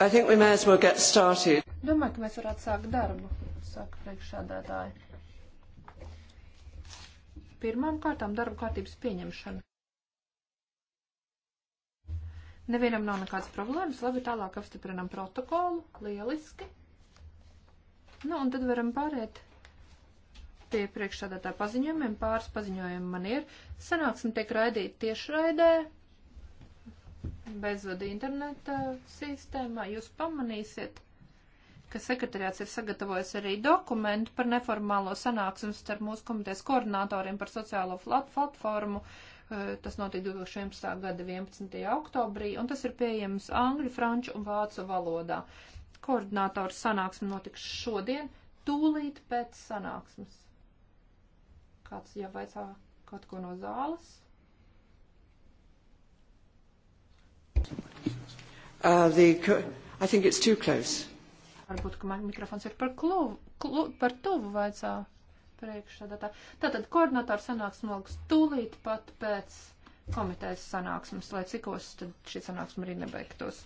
Well Domāju, ka mēs varētu sākt darbu, saka priekšsādātāji. Pirmām kārtām darba kārtības pieņemšana. Nevienam nav nekādas problēmas, labi, tālāk apstiprinam protokolu, lieliski. Nu, un tad varam pāriet pie priekšsādātā paziņojumiem, pāris paziņojumi man ir. Sanāksim tiek raidīt tiešraidē bezvada interneta sistēmā, jūs pamanīsiet, ka sekretariāts ir sagatavojis arī dokumentu par neformālo sanāksmu starp mūsu komitejas koordinatoriem par sociālo platformu. Eh, tas notika 2011. gada 11. oktobrī, un tas ir pieejams angļu, franču un vācu valodā. Koordinātoru sanāksme notiks šodien, tūlīt pēc sanāksmes. Kāds jau vaicā kaut ko no zāles? Uh, the, I think it's too close. Varbūt, ka man mikrofons ir par, kluvu, klu, par tuvu vajadzā priekšsēdētā. Tātad koordinators sanāks nolgs tūlīt pat pēc komitejas sanāksmes, lai cikos tad šī sanāksme arī nebeigtos.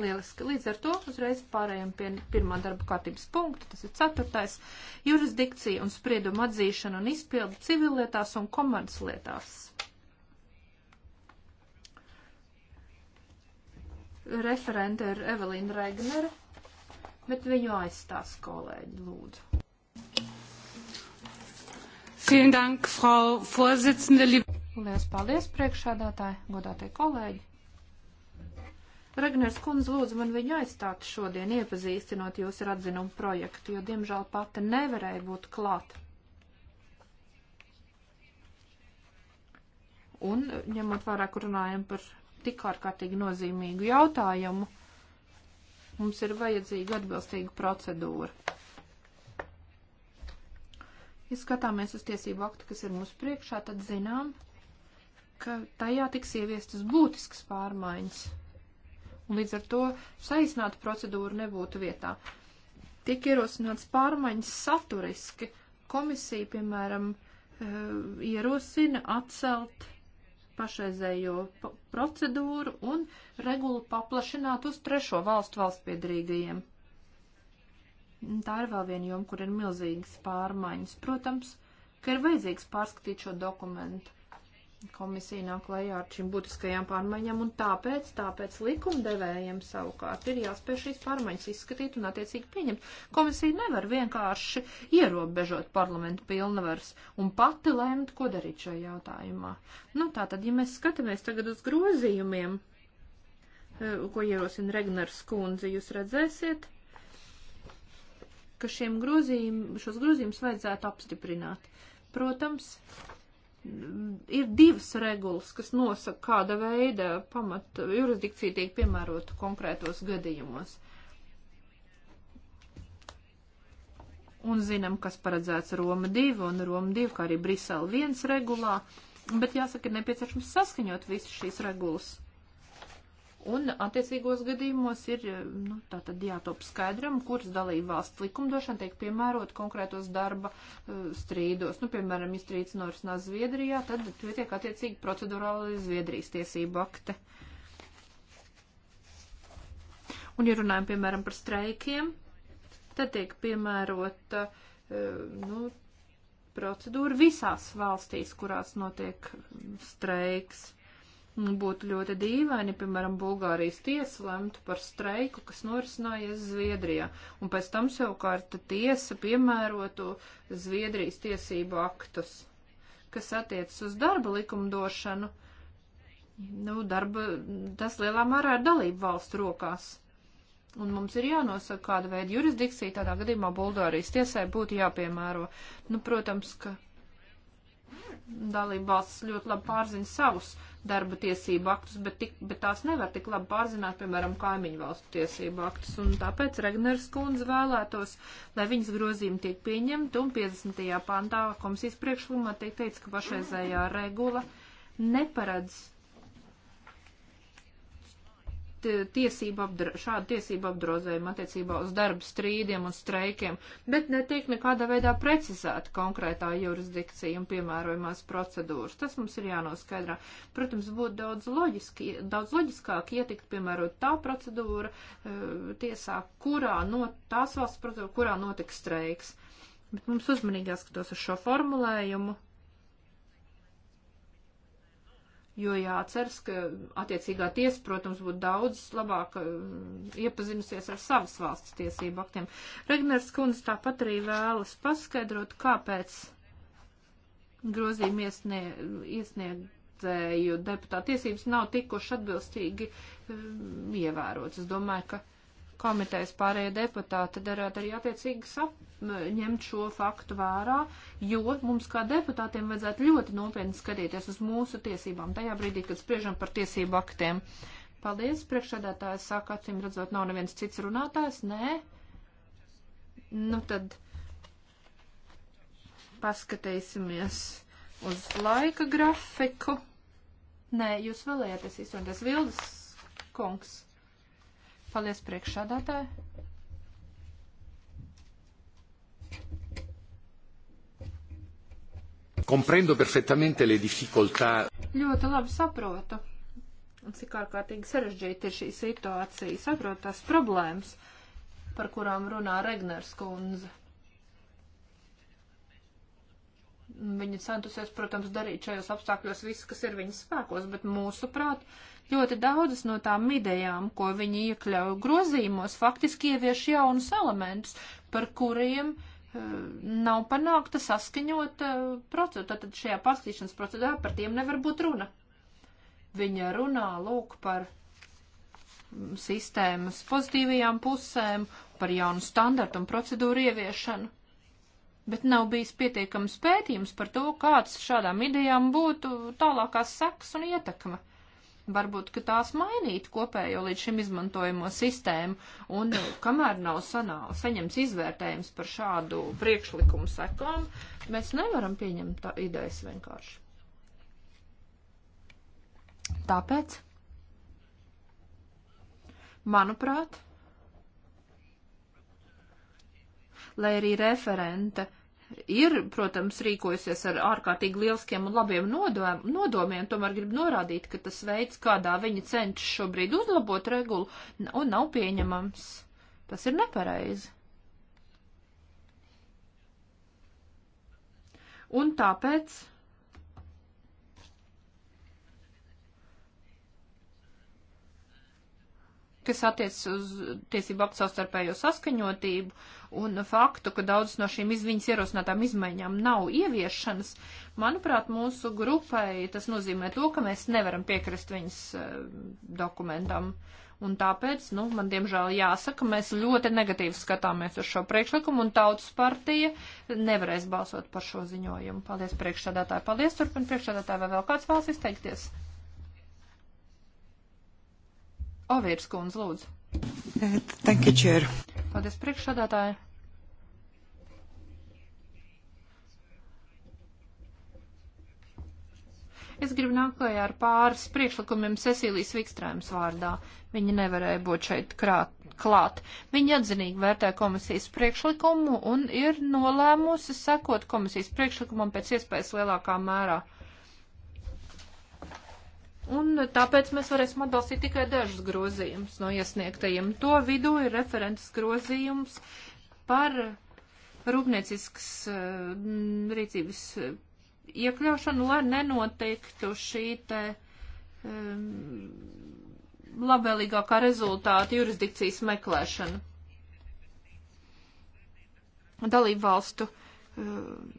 Lieliski. Līdz ar to uzreiz pārējām pie pirmā darba kārtības punkta, tas ir ceturtais - jurisdikcija un sprieduma atzīšana un izpildu civillietās un komerclietās. referente ir Evelīna Regnere, bet viņu aizstās kolēģi, lūdzu. Vielen Dank, Frau Vorsitzende, liebe. Lielas paldies, priekšādātāji, godātie kolēģi. Regners kundze lūdzu man viņu aizstāt šodien, iepazīstinot jūs ar atzinumu projektu, jo, diemžēl, pati nevarēja būt klāt. Un, ņemot vērā, kur runājam par tik ārkārtīgi nozīmīgu jautājumu, mums ir vajadzīga atbilstīga procedūra. Ja skatāmies uz tiesību aktu, kas ir mūsu priekšā, tad zinām, ka tajā tiks ieviestas būtiskas pārmaiņas. Un līdz ar to saīsināta procedūra nebūtu vietā. Tiek ierosināts pārmaiņas saturiski. Komisija, piemēram, eh, ierosina atcelt pašreizējo procedūru un regulu paplašināt uz trešo valstu valstspiedrīgajiem. Tā ir vēl viena joma, kur ir milzīgas pārmaiņas. Protams, ka ir vajadzīgs pārskatīt šo dokumentu. Komisija nāk klajā ar šīm būtiskajām pārmaiņām, un tāpēc, tāpēc likumdevējiem savukārt ir jāspēj šīs pārmaiņas izskatīt un attiecīgi pieņemt. Komisija nevar vienkārši ierobežot parlamentu pilnvars un pati lēmt, ko darīt šajā jautājumā. Nu, tā tad, ja mēs skatāmies tagad uz grozījumiem, eh, ko ierosina Regnars Kundze, jūs redzēsiet, ka šiem grozījum, šos grozījumus vajadzētu apstiprināt. Protams, ir divas regulas, kas nosaka, kāda veida pamata jurisdikcija tiek piemērota konkrētos gadījumos. Un zinām, kas paredzēts Roma 2 un Roma 2, kā arī Brisele 1 regulā, bet jāsaka, ir nepieciešams saskaņot visas šīs regulas. Un attiecīgos gadījumos ir nu, tātad jātop skaidram, kuras dalība valsts likumdošana tiek piemērot konkrētos darba uh, strīdos. Nu, piemēram, ja strīds norisinās Zviedrijā, tad tiek attiecīgi procedurāli Zviedrijas tiesību akte. Un, ja runājam, piemēram, par streikiem, tad tiek piemērota uh, nu, procedūra visās valstīs, kurās notiek um, streiks. Nu, būtu ļoti dīvaini, piemēram, Bulgārijas tiesa lemtu par streiku, kas norisinājies Zviedrijā, un pēc tam savukārt tiesa piemērotu Zviedrijas tiesību aktus, kas attiecas uz darba likumdošanu. Nu, darba, tas lielā mērā ir dalību valstu rokās. Un mums ir jānosaka, kāda veida jurisdikcija tādā gadījumā Bulgārijas tiesai būtu jāpiemēro. Nu, protams, ka dalība valsts ļoti labi pārzina savus darba tiesību aktus, bet, tik, bet tās nevar tik labi pārzināt, piemēram, kaimiņu valstu tiesību aktus. Un tāpēc Regners kundze vēlētos, lai viņas grozījumi tiek pieņemti, un 50. pantā komisijas priekšlikumā tiek teikts, ka pašreizējā regula neparedz tiesību apdra, šādu tiesību apdraudējumu attiecībā uz darba strīdiem un streikiem, bet netiek nekādā veidā precizēta konkrētā jurisdikcija un piemērojumās procedūras. Tas mums ir jānoskaidrā. Protams, būtu daudz, loģiski, daudz loģiskāk ietikt, piemērot tā procedūra eh, tiesā, kurā no tās valsts procedūra, kurā notiks streiks. Bet mums uzmanīgi jāskatās uz šo formulējumu. Jo jāceras, ka attiecīgā tiesa, protams, būtu daudz labāk mm, iepazinusies ar savas valsts tiesību aktiem. Regners Kunds tāpat arī vēlas paskaidrot, kāpēc grozījumi iesnie, iesniedzēju deputātu tiesības nav tikuši atbilstīgi mm, ievērots. Es domāju, ka komitejas pārējie deputāti darētu arī attiecīgi sap, ņemt šo faktu vērā, jo mums kā deputātiem vajadzētu ļoti nopietni skatīties uz mūsu tiesībām tajā brīdī, kad spriežam par tiesību aktiem. Paldies, priekšsēdētājs saka, acīm redzot, nav neviens cits runātājs, nē. Nu tad paskatīsimies uz laika grafiku. Nē, jūs vēlējāties izsūtīties Vildes kungs. Paldies priekšādātāji. Comprendo perfettamente le difficoltà. Ļoti labi saprotu, cik ārkārtīgi sarežģīta ir šī situācija. Saprotu tās problēmas, par kurām runā Regners kundze. Viņa centusies, protams, darīt šajos apstākļos visu, kas ir viņas spēkos, bet mūsuprāt, prāt, Ļoti daudzas no tām idejām, ko viņi iekļauj grozījumos, faktiski ievieš jaunus elementus, par kuriem uh, nav panākta saskaņota uh, procedūra. Tātad šajā pārskatīšanas procedūrā par tiem nevar būt runa. Viņa runā lūk par mm, sistēmas pozitīvajām pusēm, par jaunu standartu un procedūru ieviešanu bet nav bijis pietiekams pētījums par to, kāds šādām idejām būtu tālākās sekas un ietekme. Varbūt, ka tās mainītu kopējo līdz šim izmantojamo sistēmu, un nu, kamēr nav sanā, saņemts izvērtējums par šādu priekšlikumu sekām, mēs nevaram pieņemt tā idejas vienkārši. Tāpēc, manuprāt, lai arī referente uh, ir, protams, rīkojusies ar ārkārtīgi lieliskiem un labiem nodom, nodomiem, tomēr grib norādīt, ka tas veids, kādā viņa cenšas šobrīd uzlabot regulu, un nav pieņemams. Tas ir nepareizi. Un tāpēc kas attiecas uz tiesību aktu savstarpējo saskaņotību un faktu, ka daudzas no šīm izviņas ierosinātām izmaiņām nav ieviešanas, manuprāt, mūsu grupai tas nozīmē to, ka mēs nevaram piekrist viņas eh, dokumentam. Un tāpēc, nu, man diemžēl jāsaka, mēs ļoti negatīvi skatāmies uz šo priekšlikumu, un tautas partija nevarēs balsot par šo ziņojumu. Paldies priekšsēdētāji, paldies turpin priekšsēdētāji, vai vēl kāds vēlas izteikties? Ovieris kundze, lūdzu. Thank you, chair. Paldies, priekšsādātāji. Es gribu nākt klajā ar pāris priekšlikumiem Cecīlijas Vikstrēmas vārdā. Viņa nevarēja būt šeit krāt, klāt. Viņa atzinīgi vērtē komisijas priekšlikumu un ir nolēmusi sekot komisijas priekšlikumam pēc iespējas lielākā mērā. Uh, Un tāpēc mēs varēsim atbalstīt tikai dažus grozījumus no iesniegtajiem. To vidū ir referents grozījums par rūpnieciskas mm, rīcības iekļaušanu, lai nenoteiktu šī te um, labvēlīgākā rezultāta jurisdikcijas meklēšana. Dalību valstu um,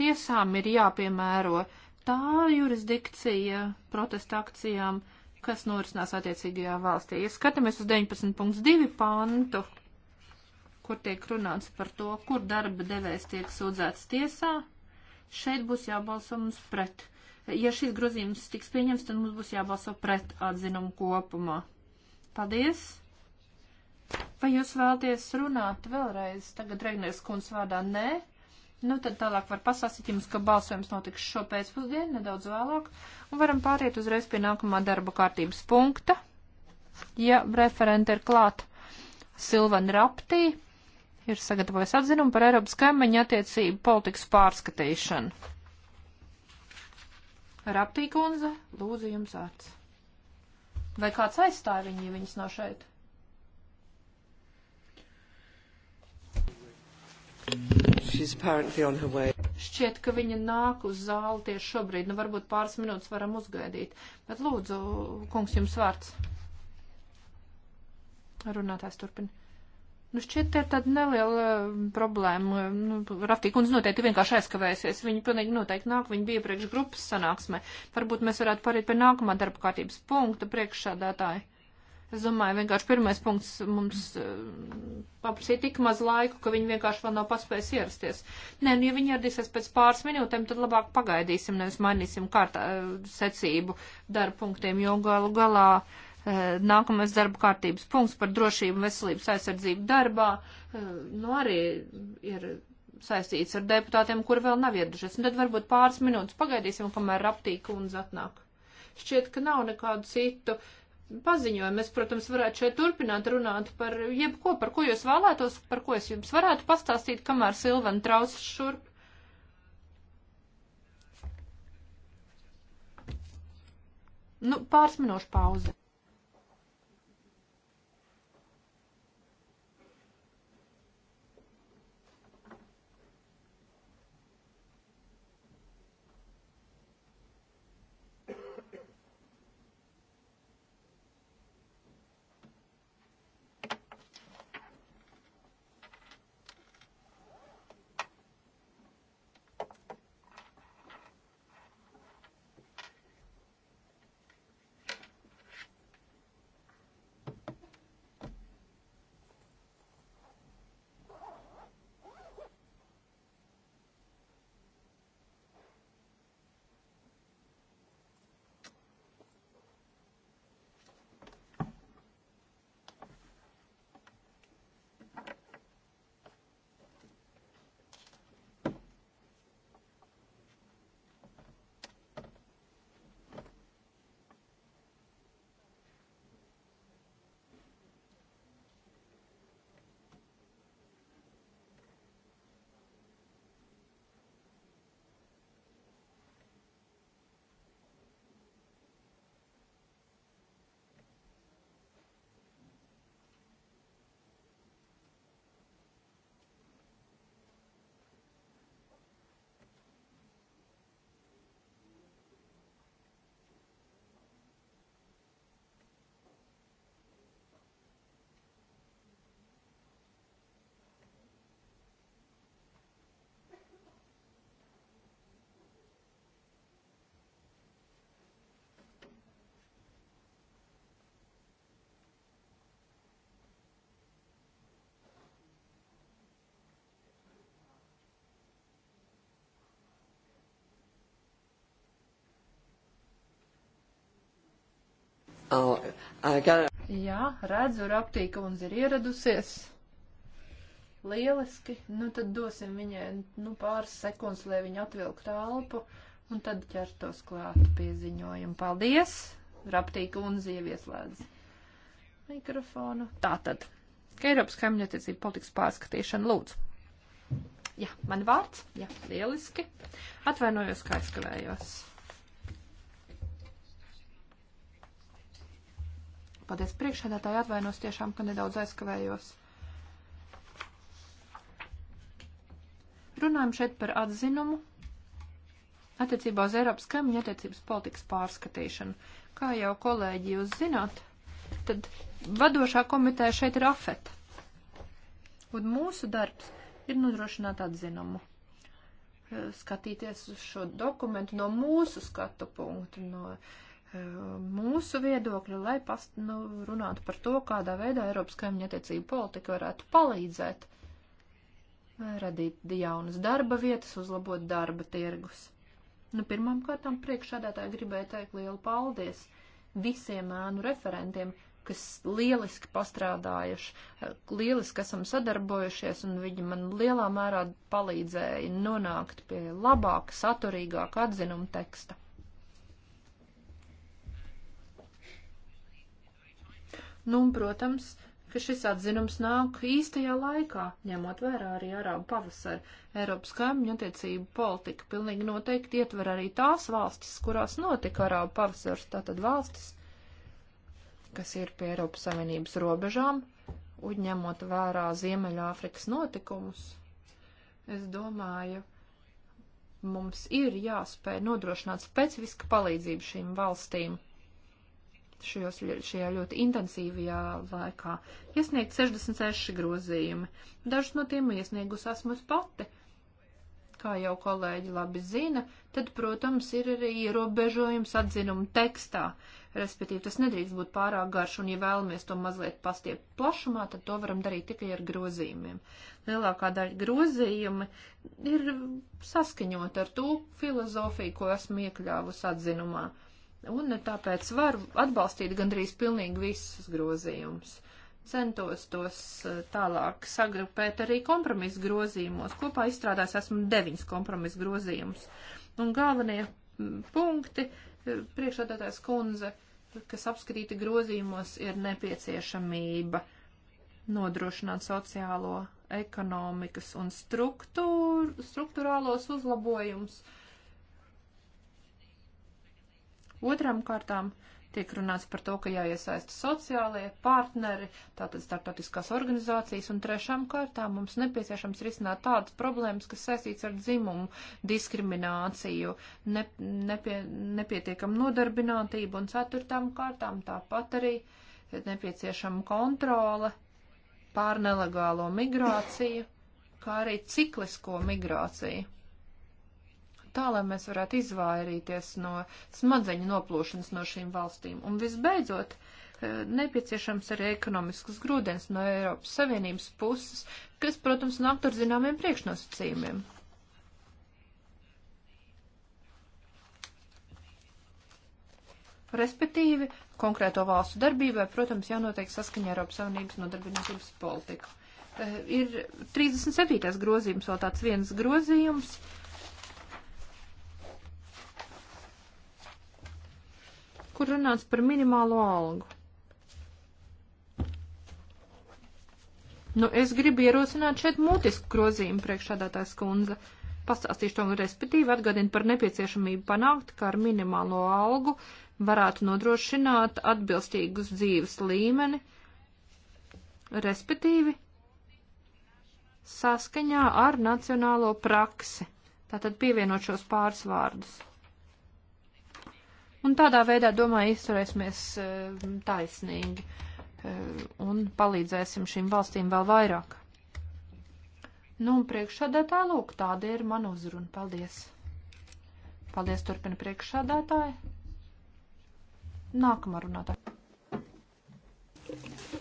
tiesām ir jāpiemēro uh, tā jurisdikcija protesta akcijām, kas norisinās attiecīgajā valstī. Ja skatāmies uz 19.2 pantu, kur tiek runāts par to, kur darba devējs tiek sūdzēts tiesā, šeit būs jābalso mums pret. Ja šis grozījums tiks pieņems, tad mums būs jābalso pret atzinumu kopumā. Paldies! Vai jūs vēlaties runāt vēlreiz? Tagad Regnēs kundz vārdā nē. Nu, tad tālāk var pasāstīt jums, ka balsojums notiks šo pēcpusdienu, nedaudz vēlāk, un varam pāriet uzreiz pie nākamā darba kārtības punkta. Ja referente ir klāt, Silvan Raptī ir sagatavojis atzinumu par Eiropas kaimiņu attiecību politikas pārskatīšanu. Raptī kundze, lūdzu jums vārds. Vai kāds aizstāja viņu, ja viņas nav šeit? Thank you. Šķiet, ka viņa nāk uz zāli tieši šobrīd. Nu, varbūt pāris minūtes varam uzgaidīt. Bet lūdzu, kungs, jums vārds. Runātājs turpina. Nu, šķiet, te ir tāda neliela um, problēma. Nu, Raftīkundze noteikti vienkārši aizkavēsies. Viņa pilnīgi noteikti nāk, viņa bija priekš grupas sanāksmē. Varbūt mēs varētu pāriet pie nākamā darba kārtības punkta priekšsādātāja. Es domāju, vienkārši pirmais punkts mums eh, paprasīja tik maz laiku, ka viņi vienkārši vēl nav paspējuši ierasties. Nē, nu, ja viņi ieradīsies pēc pāris minūtēm, tad labāk pagaidīsim, nevis mainīsim kārtā eh, secību darba punktiem, jo galu galā eh, nākamais darba kārtības punkts par drošību un veselības aizsardzību darbā, nu, arī ir saistīts ar deputātiem, kuri vēl nav ieradušies. Un tad varbūt pāris minūtes pagaidīsim, kamēr raptīka un zatnāk. Šķiet, ka nav nekādu citu uh, paziņojumu. Es, protams, varētu šeit turpināt runāt par jebko, par ko jūs vēlētos, par ko es jums varētu pastāstīt, kamēr Silvana trauc šurp. Nu, pāris minūšu pauze. Oh, gotta... Jā, redzu, Raptī kundze ir ieradusies. Lieliski, nu tad dosim viņai nu, pāris sekundes, lai viņa atvilktu elpu, un tad ķertos klāt pieziņojumu. Paldies! Raptī kundze jau ieslēdz mikrofonu. Tātad, ka Eiropas kaimiņattiecība politikas pārskatīšana lūdzu. Jā, man vārds, jā, lieliski. Atvainojos, ka aizkavējos. Paldies priekšsēdētāji, atvainos tiešām, ka nedaudz aizkavējos. Runājam šeit par atzinumu attiecībā uz Eiropas kaimiņu attiecības politikas pārskatīšanu. Kā jau kolēģi jūs zināt, tad vadošā komiteja šeit ir afeta. Un mūsu darbs ir nodrošināt atzinumu. Skatīties uz šo dokumentu no mūsu skatu punktu, no E, mūsu viedokļa, lai past, nu, runātu par to, kādā veidā Eiropas kaimiņa attiecību politika varētu palīdzēt radīt jaunas darba vietas, uzlabot darba tirgus. Nu, pirmām kārtām priekšādātāji gribēja teikt lielu paldies visiem ēnu referentiem, kas lieliski pastrādājuši, e, lieliski esam sadarbojušies, un viņi man lielā mērā palīdzēja nonākt pie labāka, saturīgāka atzinuma teksta. Nu, un, protams, ka šis atzinums nāk īstajā laikā, ņemot vērā arī arābu pavasaru. Eiropas kaimiņu attiecību politika pilnīgi noteikti ietver arī tās valstis, kurās notika arābu pavasars, tātad valstis, kas ir pie Eiropas Savienības robežām, un ņemot vērā Ziemeļāfrikas notikumus, es domāju, mums ir jāspēj nodrošināt specifiska palīdzība šīm valstīm šajos, šajā ļoti intensīvajā laikā. Iesniegt 66 grozījumi. Dažus no tiem iesniegus esmu pati. Kā jau kolēģi labi zina, tad, protams, ir arī ierobežojums atzinumu tekstā. Respektīvi, tas nedrīkst būt pārāk garš, un, ja vēlamies to mazliet pastiept plašumā, tad to varam darīt tikai ar grozījumiem. Lielākā daļa grozījumi ir saskaņot ar to filozofiju, ko esmu iekļāvusi atzinumā. Uh, Un tāpēc var atbalstīt gandrīz pilnīgi visus grozījumus. Centos tos e, tālāk sagrupēt arī kompromisu grozījumos. Kopā izstrādājis esmu deviņus kompromisu grozījumus. Un galvenie punkti e, priekšādātājs kundze, kas apskatīti grozījumos, ir nepieciešamība nodrošināt sociālo ekonomikas un struktūr, struktūrālos uzlabojumus, uh, Otram kārtām tiek runāts par to, ka jāiesaista sociālie partneri, tātad startautiskās organizācijas, un trešām kārtām mums nepieciešams risināt tādas problēmas, kas saistīts ar dzimumu, diskrimināciju, ne, nepie, nepietiekam nodarbinātību, un ceturtām kārtām tāpat arī nepieciešama kontrole pār nelegālo migrāciju, kā arī ciklisko migrāciju tā, lai mēs varētu izvairīties no smadzeņu noplūšanas no šīm valstīm. Un visbeidzot, eh, nepieciešams arī ekonomiskas grūdienas no Eiropas Savienības puses, kas, protams, nāk ar zināmiem priekšnosacījumiem. respektīvi konkrēto valstu darbībai, protams, jānotiek saskaņā Eiropas Savienības nodarbinātības politiku. Eh, ir 37. grozījums, vēl tāds viens grozījums, kur runāts par minimālo algu. Nu, es gribu ierosināt šeit mutisku grozījumu priekšādātājs kundze. Pastāstīšu to, respektīvi atgādinu par nepieciešamību panākt, ka ar minimālo algu varētu nodrošināt atbilstīgus dzīves līmeni, respektīvi saskaņā ar nacionālo praksi. Tātad pievienot šos pāris vārdus. Un tādā veidā, domāju, izturēsimies eh, taisnīgi eh, un palīdzēsim šīm valstīm vēl vairāk. Nu, un priekšsādātā, lūk, tāda ir mana uzruna. Paldies! Paldies, turpina priekšsādātāji. Nākamā runātāja.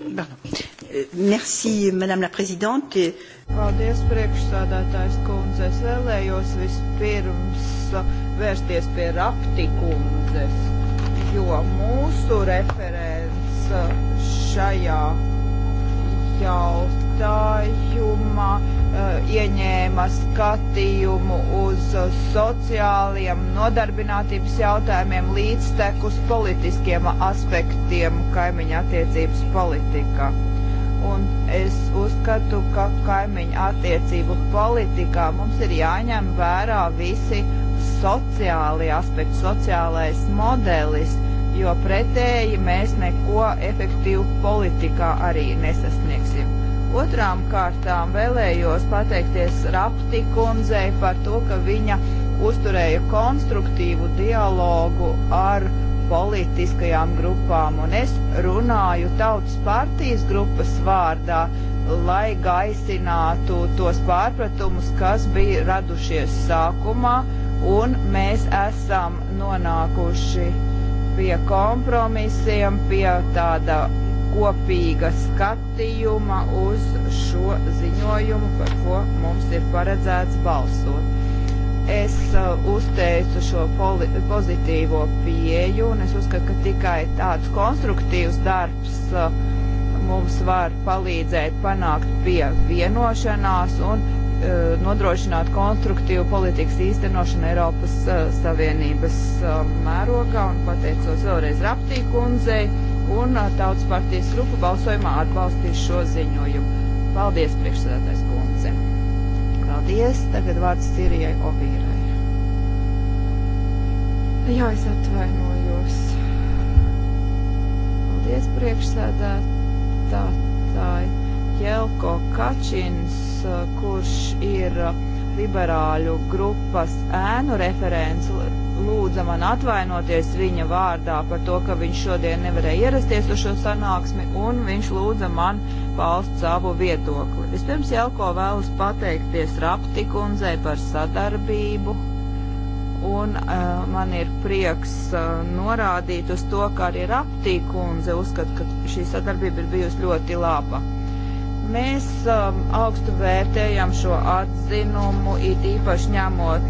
Bueno. Merci, Madame la Présidente. Paldies, priekšsādātājs kundze. Es vēlējos vispirms vērsties pie rapti kundzes, jo mūsu referents šajā jautājumā eh, ieņēma skatījumu uz sociāliem nodarbinātības jautājumiem līdztekus politiskiem aspektiem kaimiņa attiecības politikā un es uzskatu, ka kaimiņu attiecību politikā mums ir jāņem vērā visi sociālie aspekti, sociālais modelis, jo pretēji mēs neko efektīvu politikā arī nesasniegsim. Otrām kārtām vēlējos pateikties Rapti kundzei par to, ka viņa uzturēja konstruktīvu dialogu ar politiskajām grupām, un es runāju tautas partijas grupas vārdā, lai gaisinātu tos pārpratumus, kas bija radušies sākumā, un mēs esam nonākuši pie kompromisiem, pie tāda kopīga skatījuma uz šo ziņojumu, par ko mums ir paredzēts balsot. Es uh, uzteicu šo pozitīvo pieju, un es uzskatu, ka tikai tāds konstruktīvs darbs uh, mums var palīdzēt panākt pie vienošanās un uh, nodrošināt konstruktīvu politikas īstenošanu Eiropas Savienības mērogā un pateicos vēlreiz Raptī kundzei un Tautas partijas grupu balsojumā atbalstīs šo ziņojumu. Paldies, priekšsēdētājs kundze! Paldies. Tagad vārds Sirijai Ovīrai. Jā, es atvainojos. Paldies priekšsēdētāji Jelko Kačins, uh, kurš ir uh, liberāļu grupas ēnu referents lūdza man atvainoties viņa vārdā par to, ka viņš šodien nevarēja ierasties uz šo sanāksmi, un viņš lūdza man paust savu viedokli. Vispirms Jelko vēlas pateikties Rapti kundzei par sadarbību, un uh, man ir prieks uh, norādīt uz to, ka arī Rapti kundze uzskata, ka šī sadarbība ir bijusi ļoti laba. Uh, Mēs um, augstu vērtējam šo atzinumu, it īpaši ņemot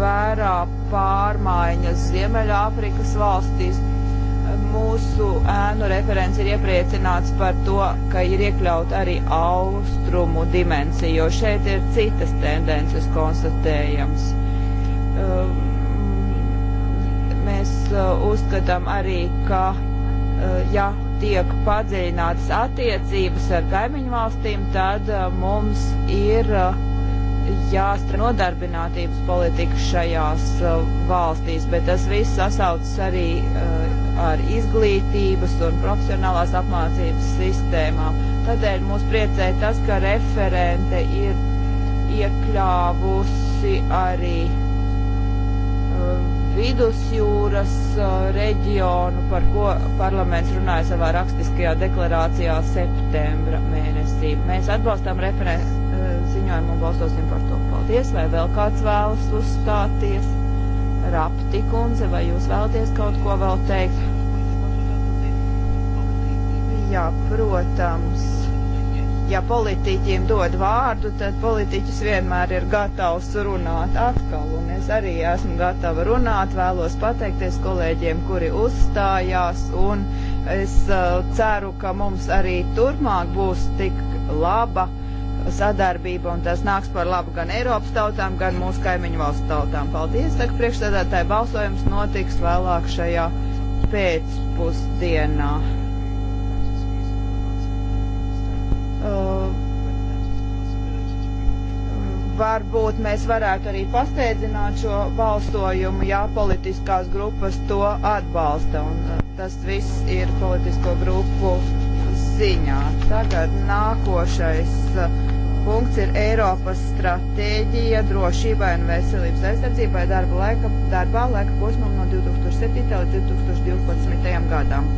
vērā pārmaiņas Ziemeļāfrikas valstīs. Mūsu ēnu referents ir iepriecināts par to, ka ir iekļaut arī austrumu dimensiju, jo šeit ir citas tendences konstatējams. Um, mēs uh, uzskatām arī, ka, uh, ja tiek padziļinātas attiecības ar kaimiņu valstīm, tad uh, mums ir uh, jāstrādā nodarbinātības politika šajās uh, valstīs, bet tas viss sasaucas arī ar izglītības un profesionālās apmācības sistēmām. Tādēļ mūs priecē tas, ka referente ir iekļāvusi arī um, vidusjūras reģionu, par ko parlaments runāja savā rakstiskajā deklarācijā septembra mēnesī. Mēs atbalstām referentu ziņojumu un balstosim par to. Paldies, vai vēl kāds vēlas uzstāties? Rapti kundze, vai jūs vēlaties kaut ko vēl teikt? Jā, protams ja politiķiem dod vārdu, tad politiķis vienmēr ir gatavs runāt atkal. Un es arī esmu gatava runāt, vēlos pateikties kolēģiem, kuri uzstājās. Un es uh, ceru, ka mums arī turpmāk būs tik laba sadarbība, un tas nāks par labu gan Eiropas tautām, gan mūsu kaimiņu valstu tautām. Paldies! Saka priekšstādātāji, balsojums notiks vēlāk šajā pēcpusdienā. Uh, varbūt mēs varētu arī pasteidzināt šo balsojumu, ja politiskās grupas to atbalsta. Un uh, tas viss ir politisko grupu ziņā. Tagad nākošais uh, punkts ir Eiropas stratēģija drošībai un veselības aizsardzībai darba laika, darbā laika posmam no 2007. līdz 2012. gadam.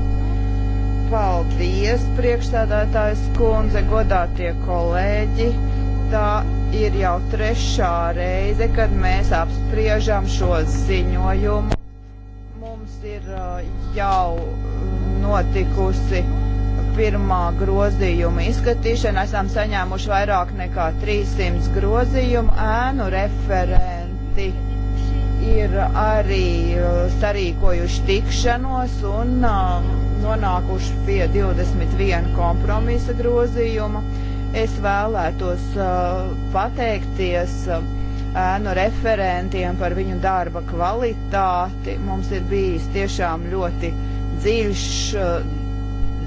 Paldies, priekšsēdētājs kundze, godātie kolēģi. Tā ir jau trešā reize, kad mēs apspriežam šo ziņojumu. Mums ir uh, jau notikusi pirmā grozījuma izskatīšana. Esam saņēmuši vairāk nekā 300 grozījumu ēnu referenti. Ir arī uh, sarīkojuši tikšanos un uh, nonākuši pie 21 kompromisa grozījuma. Es vēlētos uh, pateikties uh, ēnu referentiem par viņu darba kvalitāti. Mums ir bijis tiešām ļoti dziļš uh,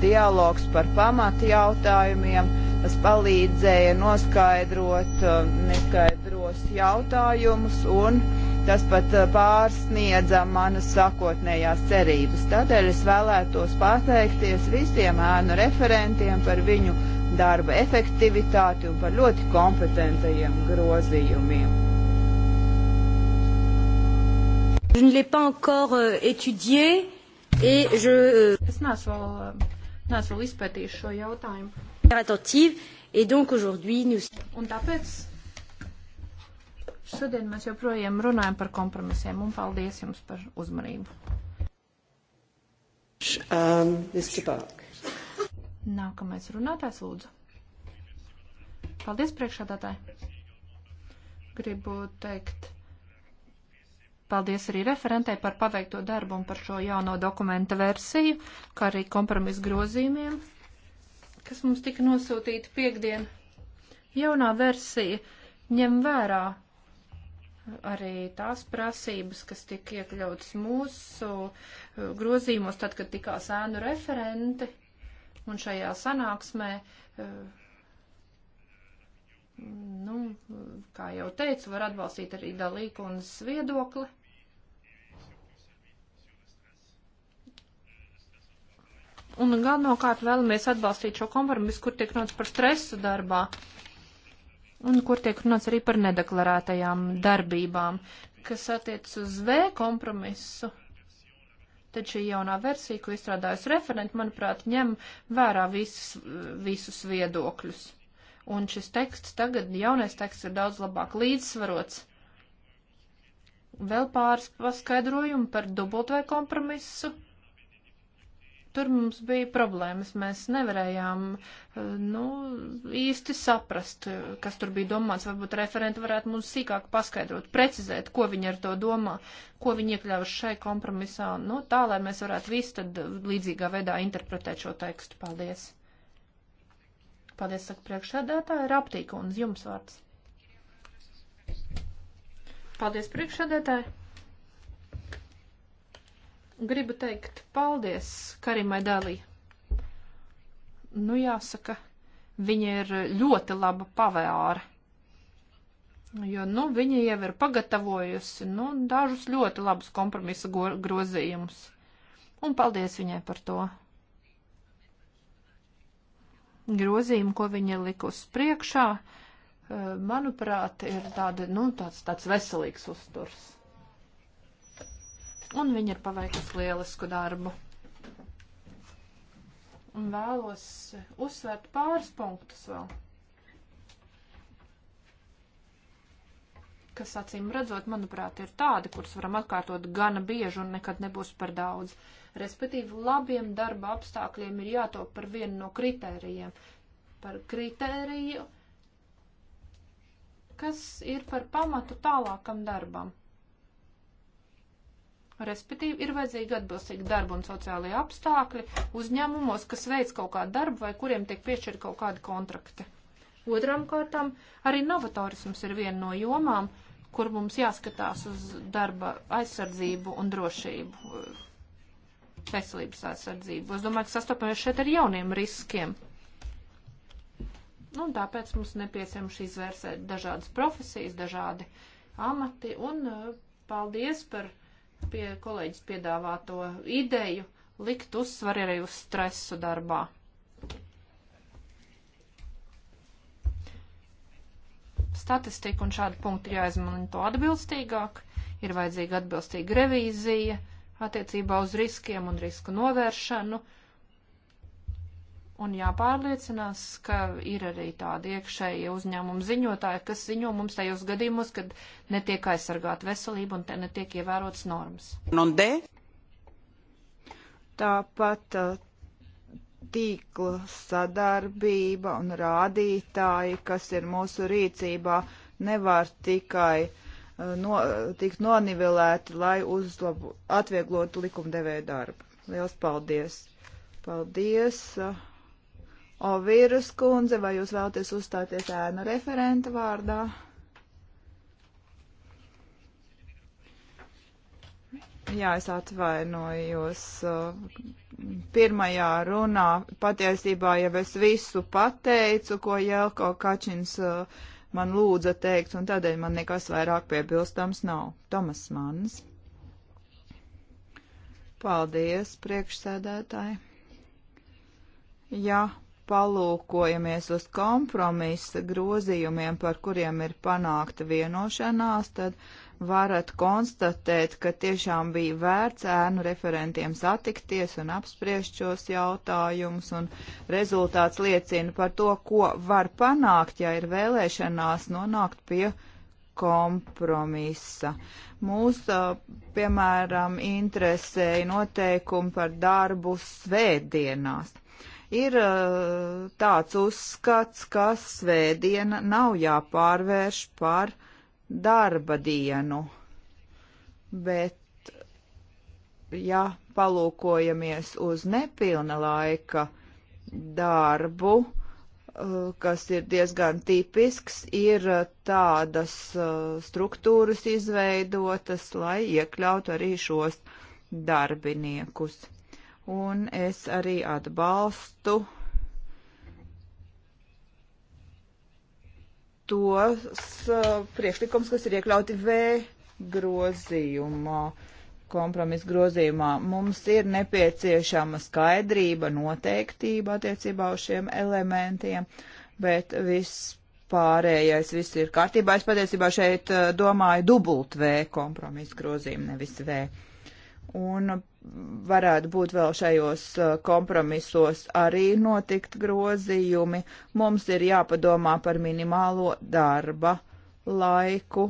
dialogs par pamatu jautājumiem. Tas palīdzēja noskaidrot uh, neskaidros jautājumus un uh, Tas pat uh, pārsniedza manas sākotnējās cerības. Tādēļ es vēlētos pateikties visiem ēnu referentiem par viņu darba efektivitāti un par ļoti kompetentajiem grozījumiem. Je ne l'ai pas encore euh, étudié et je. Euh, es neesmu vēl, uh, neesmu vēl izpētījis šo jautājumu. Attentive et donc aujourd'hui nous. Un tāpēc Šodien mēs joprojām runājam par kompromisiem un paldies jums par uzmanību. Um, Nākamais runātājs lūdzu. Paldies priekšādātāji. Gribu teikt paldies arī referentei par paveikto darbu un par šo jauno dokumenta versiju, kā arī kompromisu grozījumiem, kas mums tika nosūtīti piekdien. Jaunā versija ņem vērā arī tās prasības, kas tika iekļautas mūsu uh, grozīmos, tad, kad tikās ēnu referenti un šajā sanāksmē. Uh, nu, kā jau teicu, var atbalstīt arī dalīku un sviedokli. Un galvenokārt vēlamies atbalstīt šo kompromisu, kur tiek runāts par stresu darbā. Uh, un kur tiek runāts arī par nedeklarētajām darbībām, kas attiec uz V kompromisu. Tad šī jaunā versija, ko izstrādājusi referenti, manuprāt, ņem vērā visus, visus viedokļus. Un šis teksts tagad, jaunais teksts ir daudz labāk līdzsvarots. Vēl pāris paskaidrojumu par dubultvai kompromisu Tur mums bija problēmas, mēs nevarējām, eh, nu, īsti saprast, kas tur bija domāts. Varbūt referenti varētu mums sīkāk paskaidrot, precizēt, ko viņi ar to domā, ko viņi iekļāva šai kompromisā, nu, tā, lai mēs varētu visi tad līdzīgā veidā interpretēt šo tekstu. Paldies! Paldies, saka priekšsēdētāja, ir aptīkums, jums vārds. Paldies, priekšsēdētāji! Gribu teikt paldies Karimai Dalī. Nu, jāsaka, viņa ir ļoti laba pavēra. Jo, nu, viņa jau ir pagatavojusi, nu, dažus ļoti labus kompromisa grozījumus. Un paldies viņai par to. Grozījumu, ko viņa likus priekšā, eh, manuprāt, ir tāda, nu, tāds, tāds veselīgs uzturs un viņa ir paveikusi lielisku darbu. Un vēlos uzsvērt pāris punktus vēl, kas acīm redzot, manuprāt, ir tādi, kurus varam atkārtot gana bieži un nekad nebūs par daudz. Respektīvi, labiem darba apstākļiem ir jātop par vienu no kritērijiem. Par kritēriju, kas ir par pamatu tālākam darbam. Respektīvi, ir vajadzīgi atbilstīgi darba un sociālajie apstākļi uzņēmumos, kas veic kaut kādu darbu vai kuriem tiek piešķirta kaut kāda kontrakta. Otram kārtām arī novatorisms ir viena no jomām, kur mums jāskatās uz darba aizsardzību un drošību, veselības aizsardzību. Es domāju, ka sastopamies šeit ar jauniem riskiem. Nu, tāpēc mums nepieciešams izvērsēt dažādas profesijas, dažādi amati un eh, paldies par pie kolēģis piedāvāto ideju likt uzsvaru arī uz stresu darbā. Statistika un šādi punkti jāizmanto atbilstīgāk, ir vajadzīga atbilstīga revīzija attiecībā uz riskiem un risku novēršanu. Uh, Un jāpārliecinās, ka ir arī tādi iekšēji uzņēmumi ziņotāji, kas ziņo mums tajos gadījumos, kad netiek aizsargāta veselība un te netiek ievērotas normas. Nonde? Tāpat uh, tīkla sadarbība un rādītāji, kas ir mūsu rīcībā, nevar tikai uh, no, tikt nonivelēti, lai uzlabu, atvieglotu likumdevēju darbu. Liels paldies! Paldies! Uh, Ovīras kundze, vai jūs vēlaties uzstāties ēnu referenta vārdā? Jā, es atvainojos. Uh, pirmajā runā patiesībā jau es visu pateicu, ko Jelko Kačins uh, man lūdza teikt, un tādēļ man nekas vairāk piebilstams nav. Tomas Mans. Paldies, priekšsēdētāji. Jā, palūkojamies uz kompromisa grozījumiem, par kuriem ir panākta vienošanās, tad varat konstatēt, ka tiešām bija vērts ēnu referentiem satikties un apspriest šos jautājumus, un rezultāts liecina par to, ko var panākt, ja ir vēlēšanās nonākt pie kompromisa. Mūs, piemēram, interesēja noteikumi par darbu svētdienās Ir uh, tāds uzskats, ka svētdiena nav jāpārvērš par darba dienu, bet, ja palūkojamies uz nepilna laika darbu, uh, kas ir diezgan tipisks, ir uh, tādas struktūras izveidotas, lai iekļautu arī šos darbiniekus un es arī atbalstu tos uh, priekšlikums, kas ir iekļauti V grozījumā, kompromisa grozījumā. Mums ir nepieciešama skaidrība, noteiktība attiecībā uz šiem elementiem, bet viss pārējais viss ir kārtībā. Es patiesībā šeit uh, domāju dubult V kompromisa grozījumu, nevis V un varētu būt vēl šajos uh, kompromisos arī notikt grozījumi. Mums ir jāpadomā par minimālo darba laiku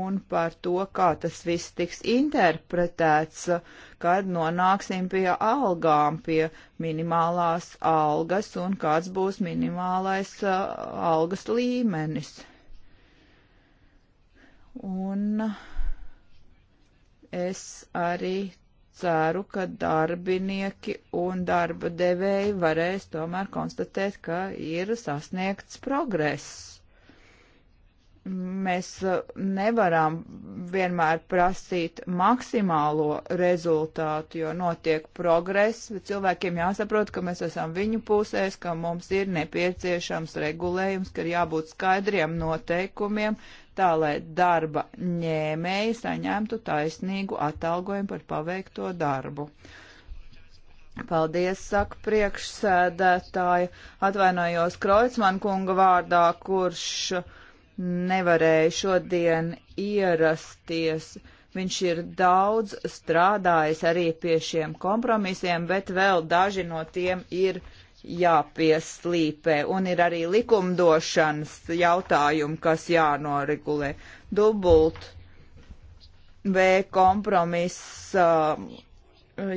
un par to, kā tas viss tiks interpretēts, kad nonāksim pie algām, pie minimālās algas un kāds būs minimālais uh, algas līmenis. Un uh, Es arī ceru, ka darbinieki un darba devēji varēs tomēr konstatēt, ka ir sasniegts progress mēs e, nevaram vienmēr prasīt maksimālo rezultātu, jo notiek progress, bet cilvēkiem jāsaprot, ka mēs esam viņu pusēs, ka mums ir nepieciešams regulējums, ka ir jābūt skaidriem noteikumiem, tā lai darba ņēmēji saņemtu taisnīgu atalgojumu par paveikto darbu. Paldies, saka priekšsēdētāja. Atvainojos Kreutzmann kunga vārdā, kurš nevarēja šodien ierasties. Viņš ir daudz strādājis arī pie šiem kompromisiem, bet vēl daži no tiem ir uh, jāpieslīpē, un ir arī likumdošanas jautājumi, kas jānoregulē. Dubult B kompromiss um,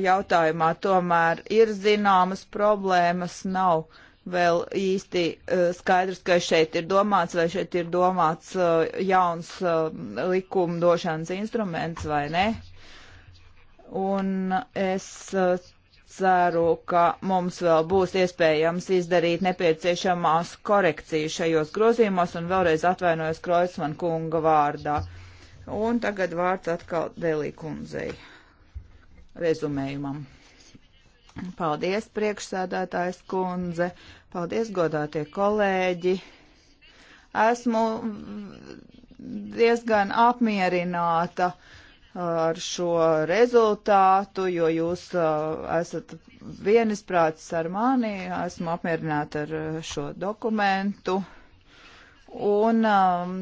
jautājumā tomēr ir zināmas problēmas, nav vēl īsti uh, skaidrs, ka šeit ir domāts, vai šeit ir domāts uh, jauns um, likumdošanas instruments vai ne. Un es uh, ceru, ka mums vēl būs iespējams izdarīt nepieciešamās korekcijas šajos grozījumos un vēlreiz atvainojos Kroisman kunga vārdā. Un tagad vārds atkal Delī kundzei rezumējumam. Paldies, priekšsēdētājs kundze, paldies, godātie kolēģi. Esmu diezgan apmierināta uh, ar šo rezultātu, jo jūs uh, esat vienisprātis ar mani, esmu apmierināta ar uh, šo dokumentu. Un um,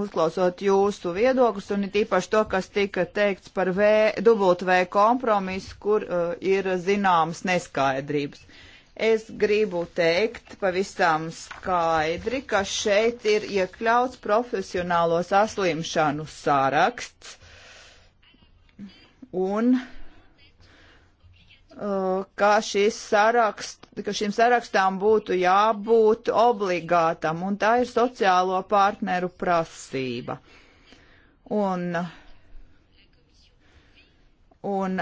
uzklausot jūsu viedokļus, un it īpaši to, kas tika teikts par v, dubult V kompromisu, kur uh, ir zināmas neskaidrības. Es gribu teikt pavisam skaidri, ka šeit ir iekļauts profesionālo saslimšanu saraksts, un uh, ka, sarakst, ka šim sarakstām būtu jābūt obligātam, un tā ir sociālo partneru prasība. Un, un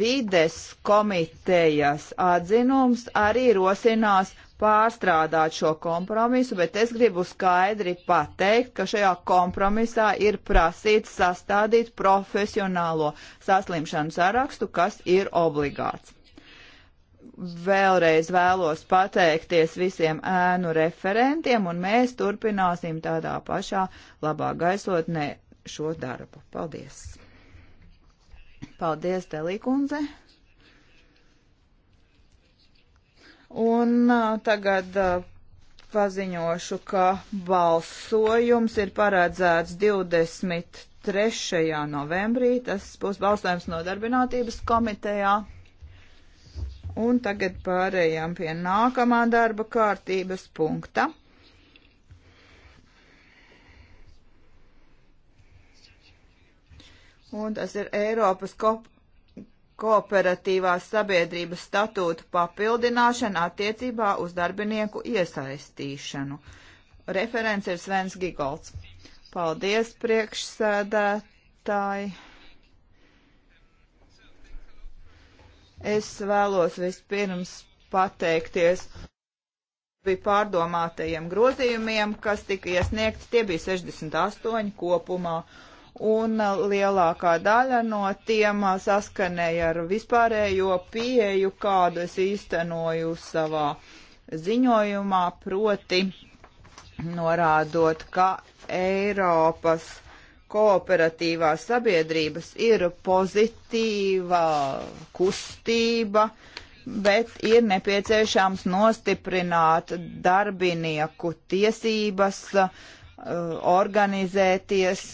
vides komitejas atzinums arī rosinās pārstrādāt šo kompromisu, bet es gribu skaidri pateikt, ka šajā kompromisā ir prasīts sastādīt profesionālo saslimšanu sarakstu, kas ir obligāts. Vēlreiz vēlos pateikties visiem ēnu referentiem, un mēs turpināsim tādā pašā labā gaisotnē šo darbu. Paldies! Paldies, Telīkundze! Un tagad paziņošu, ka balsojums ir paredzēts 23. novembrī. Tas būs balsojums nodarbinātības komitejā. Un tagad pārējām pie nākamā darba kārtības punkta. Un tas ir Eiropas kop kooperatīvās sabiedrības statūtu papildināšana attiecībā uz darbinieku iesaistīšanu. Referents ir Svens Gigolds. Paldies, priekšsēdētāji! Es vēlos vispirms pateikties bija pārdomātajiem grozījumiem, kas tika iesniegti, tie bija 68 kopumā. Uh, un uh, lielākā daļa no tiem uh, saskanēja ar vispārējo pieeju, kādu es īstenoju savā ziņojumā, proti norādot, ka Eiropas kooperatīvās sabiedrības ir pozitīva kustība, bet ir nepieciešams nostiprināt darbinieku tiesības, uh, organizēties,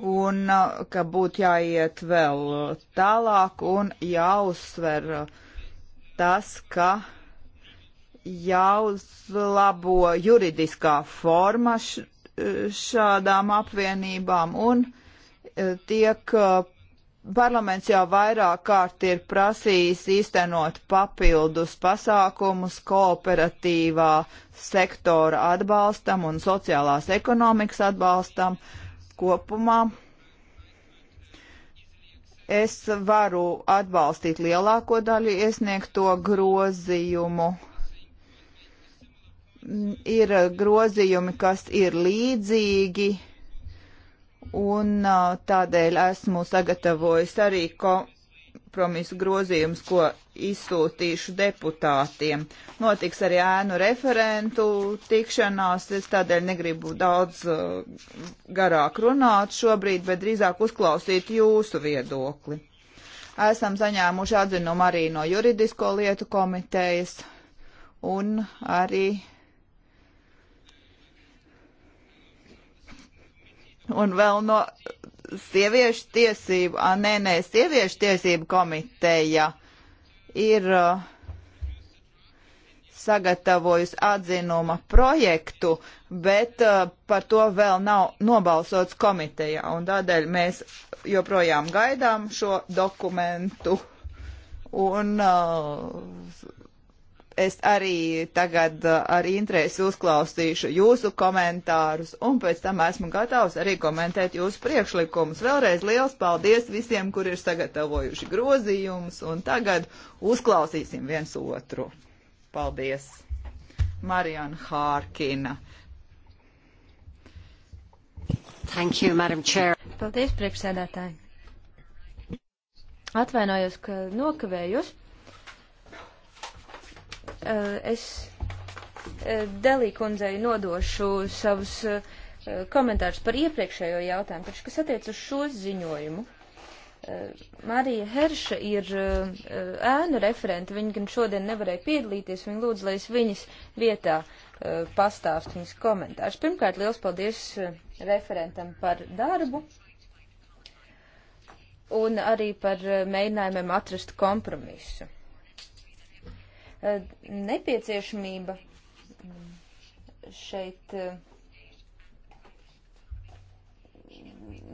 un ka būtu jāiet vēl tālāk un jāuzsver tas, ka jāuzlabo juridiskā forma šādām apvienībām un tiek parlaments jau vairāk kārt ir prasījis īstenot papildus pasākumus kooperatīvā sektora atbalstam un sociālās ekonomikas atbalstam. Uh, kopumā es varu atbalstīt lielāko daļu iesniegto grozījumu ir grozījumi, kas ir līdzīgi, un uh, tādēļ esmu sagatavojis arī ko, kompromisu grozījumus, ko izsūtīšu deputātiem. Notiks arī ēnu referentu tikšanās, es tādēļ negribu daudz uh, garāk runāt šobrīd, bet drīzāk uzklausīt jūsu viedokli. Esam saņēmuši atzinumu arī no juridisko lietu komitejas un arī un vēl no sieviešu tiesību, a, nē, nē, sieviešu tiesību komiteja ir uh, sagatavojusi atzinuma projektu, bet uh, par to vēl nav nobalsots komitejā, un tādēļ mēs joprojām gaidām šo dokumentu. Un uh, es arī tagad uh, ar interesi uzklausīšu jūsu komentārus, un pēc tam esmu gatavs arī komentēt jūsu priekšlikumus. Vēlreiz liels paldies visiem, kur ir sagatavojuši grozījumus, un tagad uzklausīsim viens otru. Paldies! Mariana Hārkina. Thank you, Madam Chair. Paldies, priekšsēdētāji. Atvainojos, ka nokavējos. Eh, es eh, Delī kundzei nodošu savus eh, komentārus par iepriekšējo jautājumu, taču kas attiec uz šo ziņojumu. Marija Herša ir ēnu referente, viņa gan šodien nevarēja piedalīties, viņa lūdzu, lai es viņas vietā pastāstu viņas komentārus. Pirmkārt, liels paldies referentam par darbu un arī par mēģinājumiem atrast kompromisu. Eh, nepieciešamība šeit eh,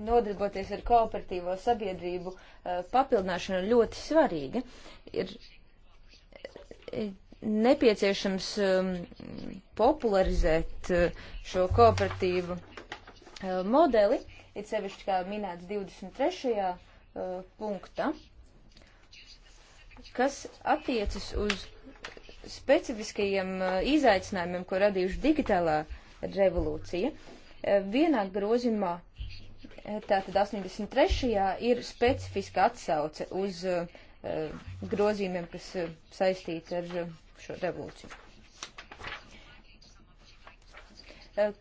nodarboties ar kooperatīvo sabiedrību eh, papildināšanu ļoti svarīga. Ir nepieciešams popularizēt šo kooperatīvu modeli, it sevišķi kā minēts 23. punktā, kas attiecas uz specifiskajiem eh, izaicinājumiem, ko radījuši digitālā revolūcija. Eh, vienā grozījumā, eh, tātad 83. ir specifiska atsauce uz grozījumiem, kas saistīti ar šo revolūciju.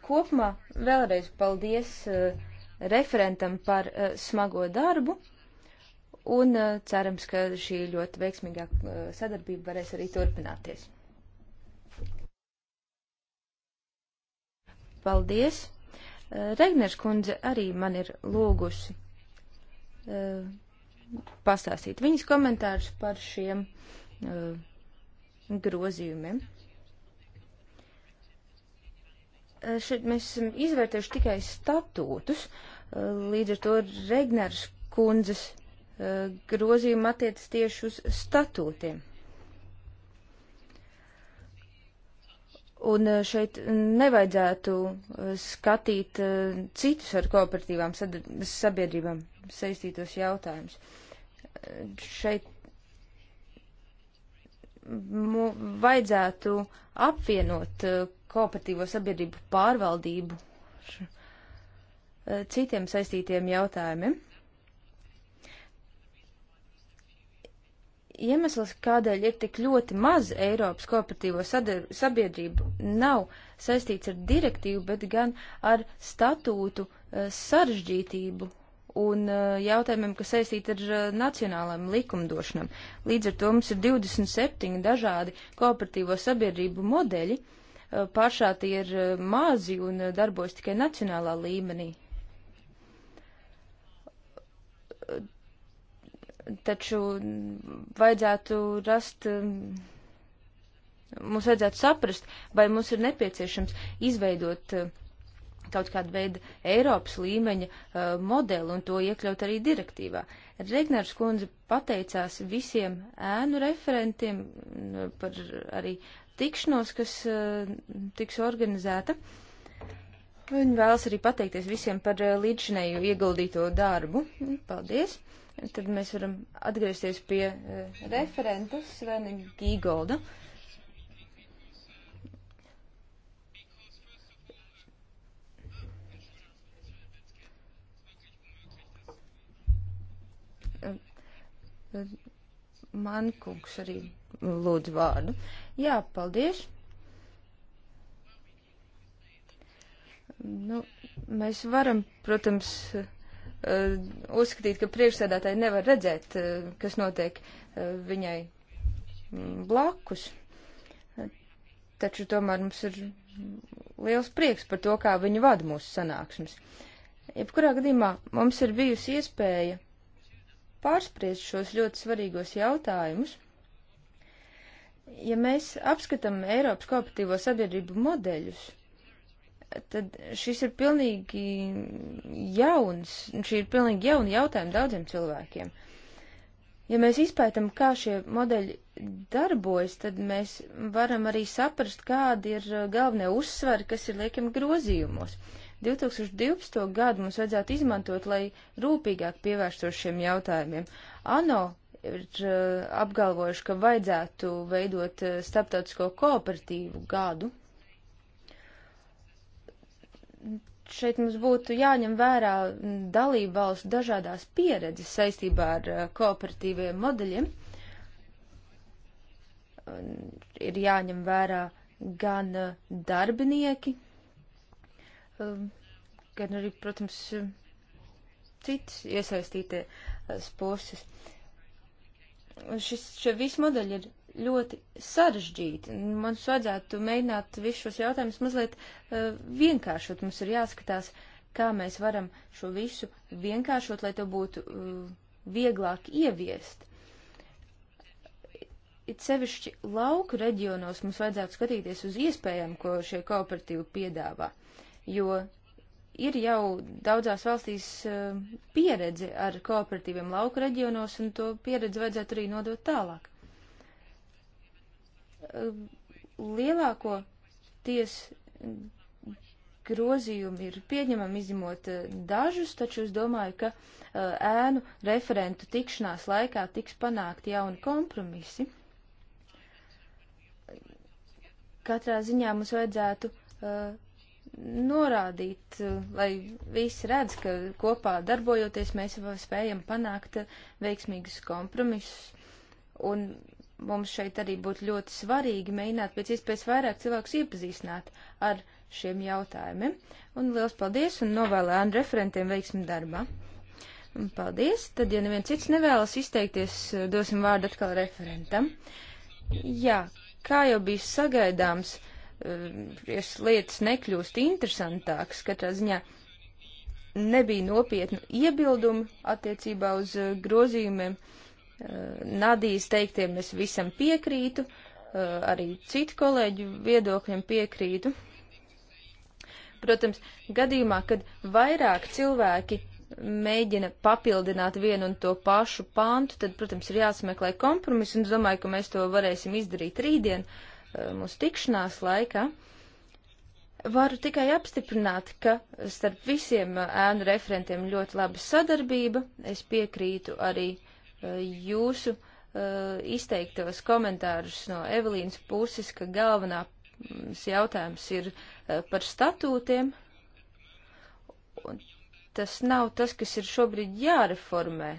Kopumā vēlreiz paldies referentam par smago darbu un uh, cerams, ka šī ļoti veiksmīgā uh, sadarbība varēs arī turpināties. Paldies! Uh, Regners kundze arī man ir lūgusi uh, pastāstīt viņas komentārus par šiem uh, grozījumiem. Uh, šeit mēs esam izvērtējuši tikai statūtus, līdz ar to Regners kundzes grozījumi attiecas tieši uz statūtiem. Un eh, šeit nevajadzētu eh, skatīt eh, citus ar kooperatīvām sabiedrībām saistītos jautājumus. Šeit vajadzētu apvienot kooperatīvo sabiedrību pārvaldību citiem saistītiem jautājumiem. Iemesls, kādēļ ir tik ļoti maz Eiropas kooperatīvo sabiedrību, nav saistīts ar direktīvu, bet gan ar statūtu eh, sarežģītību un eh, jautājumiem, kas saistīti ar eh, nacionālām likumdošanām. Līdz ar to mums ir 27 dažādi kooperatīvo sabiedrību modeļi, pašā tie ir mazi un darbojas tikai nacionālā līmenī taču vajadzētu rast, um, mums vajadzētu saprast, vai mums ir nepieciešams izveidot uh, kaut kādu veidu Eiropas līmeņa uh, modeli un to iekļaut arī direktīvā. Regners kundze pateicās visiem ēnu referentiem mm, par arī tikšanos, kas uh, tiks organizēta. Viņa vēlas arī pateikties visiem par uh, līdzinēju ieguldīto darbu. Paldies! tad mēs varam atgriezties pie uh, referenta Svena Gīgolda. Eh, man kungs arī lūdz vārdu. Jā, paldies. Nu, mēs varam, protams, uh, Eh, uzskatīt, ka priekšsēdētāji nevar redzēt, eh, kas notiek eh, viņai mm, blakus. Taču tomēr mums ir liels prieks par to, kā viņi vada mūsu sanāksmes. Jebkurā gadījumā mums ir bijusi iespēja pārspriest šos ļoti svarīgos jautājumus. Ja mēs apskatām Eiropas kooperatīvo sabiedrību modeļus, tad šis ir pilnīgi jauns, šī ir pilnīgi jauna jautājuma daudziem cilvēkiem. Ja mēs izpētam, kā šie modeļi darbojas, tad mēs varam arī saprast, kādi ir uh, galvenie uzsvari, kas ir liekami grozījumos. 2012. gadu mums vajadzētu izmantot, lai rūpīgāk pievērstos šiem jautājumiem. ANO ir uh, apgalvojuši, ka vajadzētu veidot uh, starptautisko kooperatīvu gadu šeit mums būtu jāņem vērā dalību valstu dažādās pieredzes saistībā ar uh, kooperatīviem modeļiem. Ir jāņem vērā gan uh, darbinieki, um, gan arī, protams, um, citas iesaistītās uh, puses. Šis, šie visi modeļi ir ļoti sarežģīti. Mums vajadzētu mēģināt visus šos jautājumus mazliet uh, vienkāršot. Mums ir jāskatās, kā mēs varam šo visu vienkāršot, lai to būtu uh, vieglāk ieviest. It sevišķi lauku reģionos mums vajadzētu skatīties uz iespējām, ko šie kooperatīvi piedāvā, jo ir jau daudzās valstīs uh, pieredze ar kooperatīviem lauku reģionos, un to pieredzi vajadzētu arī nodot tālāk lielāko tiesu grozījumi ir pieņemami izņemot eh, dažus, taču es domāju, ka eh, ēnu referentu tikšanās laikā tiks panākti jauni kompromisi. Katrā ziņā mums vajadzētu uh, norādīt, lai visi redz, ka kopā darbojoties mēs spējam panākt veiksmīgus kompromisus. Un mums šeit arī būtu ļoti svarīgi mēģināt pēc iespējas vairāk cilvēkus iepazīstināt ar šiem jautājumiem. Un liels paldies un novēlēju referentiem veiksmi darbā. Un paldies. Tad, ja neviens cits nevēlas izteikties, dosim vārdu atkal referentam. Jā, kā jau bija sagaidāms, eh, es lietas nekļūst interesantākas katrā ziņā nebija nopietnu iebildumu attiecībā uz eh, grozījumiem. Uh, Eh, Nadijas teiktiem es visam piekrītu, eh, arī citu kolēģu viedokļiem piekrītu. Protams, gadījumā, kad vairāk cilvēki mēģina papildināt vienu un to pašu pantu, tad, protams, ir jāsmeklē kompromiss, un es domāju, ka mēs to varēsim izdarīt rītdien eh, mūsu tikšanās laikā. Varu tikai apstiprināt, ka starp visiem ēnu referentiem ļoti laba sadarbība. Es piekrītu arī uh, jūsu eh, izteiktos komentārus no Evelīnas puses, ka galvenā jautājums ir eh, par statūtiem. Un tas nav tas, kas ir šobrīd jāreformē.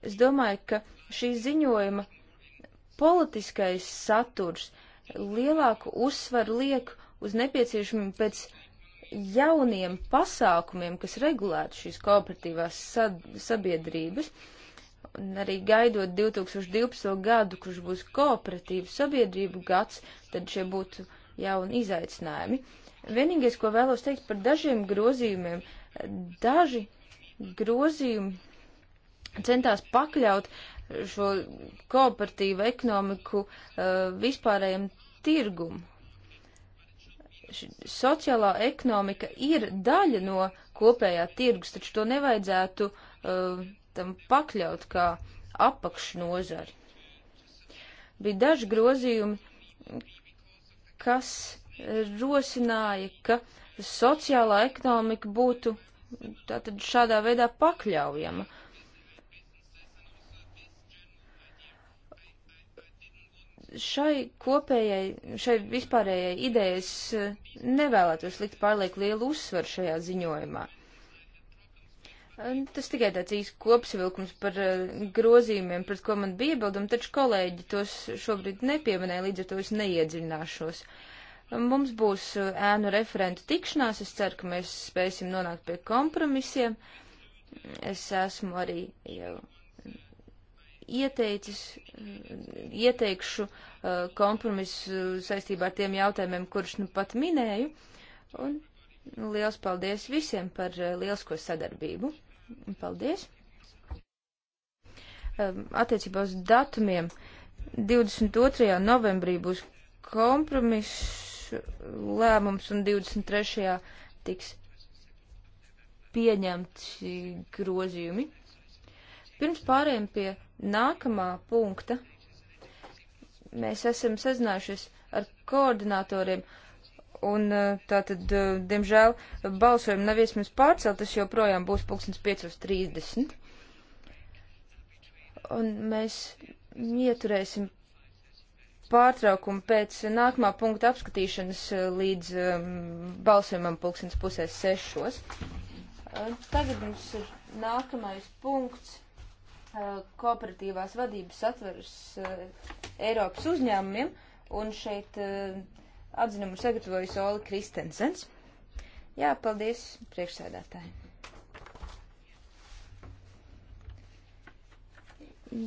Es domāju, ka šī ziņojuma politiskais saturs lielāku uzsvaru liek uz nepieciešamību pēc jauniem pasākumiem, kas regulētu šīs kooperatīvās sabiedrības. Uh, Un arī gaidot 2012. gadu, kurš būs kooperatīvu sabiedrību gads, tad šie būtu jauni izaicinājumi. Vienīgais, ko vēlos teikt par dažiem grozījumiem, daži grozījumi centās pakļaut šo kooperatīvu ekonomiku uh, vispārējiem tirgumu. Sociālā ekonomika ir daļa no kopējā tirgus, taču to nevajadzētu uh, tam pakļaut kā apakšnozari. Bija daži grozījumi, kas rosināja, ka sociālā ekonomika būtu tātad šādā veidā pakļaujama. Šai kopējai, šai vispārējai idejai es nevēlētos likt pārlieku lielu uzsvaru šajā ziņojumā. Tas tikai tāds īsts kopsavilkums par eh, grozījumiem, pret ko man bija iebildumi, taču kolēģi tos šobrīd nepieminēja, līdz ar to es neiedziļināšos. Mums būs eh, ēnu referentu tikšanās, es ceru, ka mēs spēsim nonākt pie kompromisiem. Es esmu arī jau ieteicis, ieteikšu eh, kompromisu saistībā ar tiem jautājumiem, kurus nu pat minēju. Un liels paldies visiem par lielisko sadarbību. Paldies! Attiecībā uz datumiem 22. novembrī būs kompromiss lēmums un 23. tiks pieņemti grozījumi. Pirms pārējiem pie nākamā punkta, mēs esam sazinājušies ar koordinatoriem Un uh, tātad, uh, diemžēl, balsojumu nav iespējams pārcelt, tas joprojām būs 15.30. Un mēs ieturēsim pārtraukumu pēc nākamā punkta apskatīšanas uh, līdz um, balsojumam pulkstens pusēs sešos. Tagad mums ir nākamais punkts - kooperatīvās vadības atveras Eiropas uzņēmumiem, un šeit Atzinumu sagatavojas Ola Kristensens. Jā, paldies priekšsēdētāji.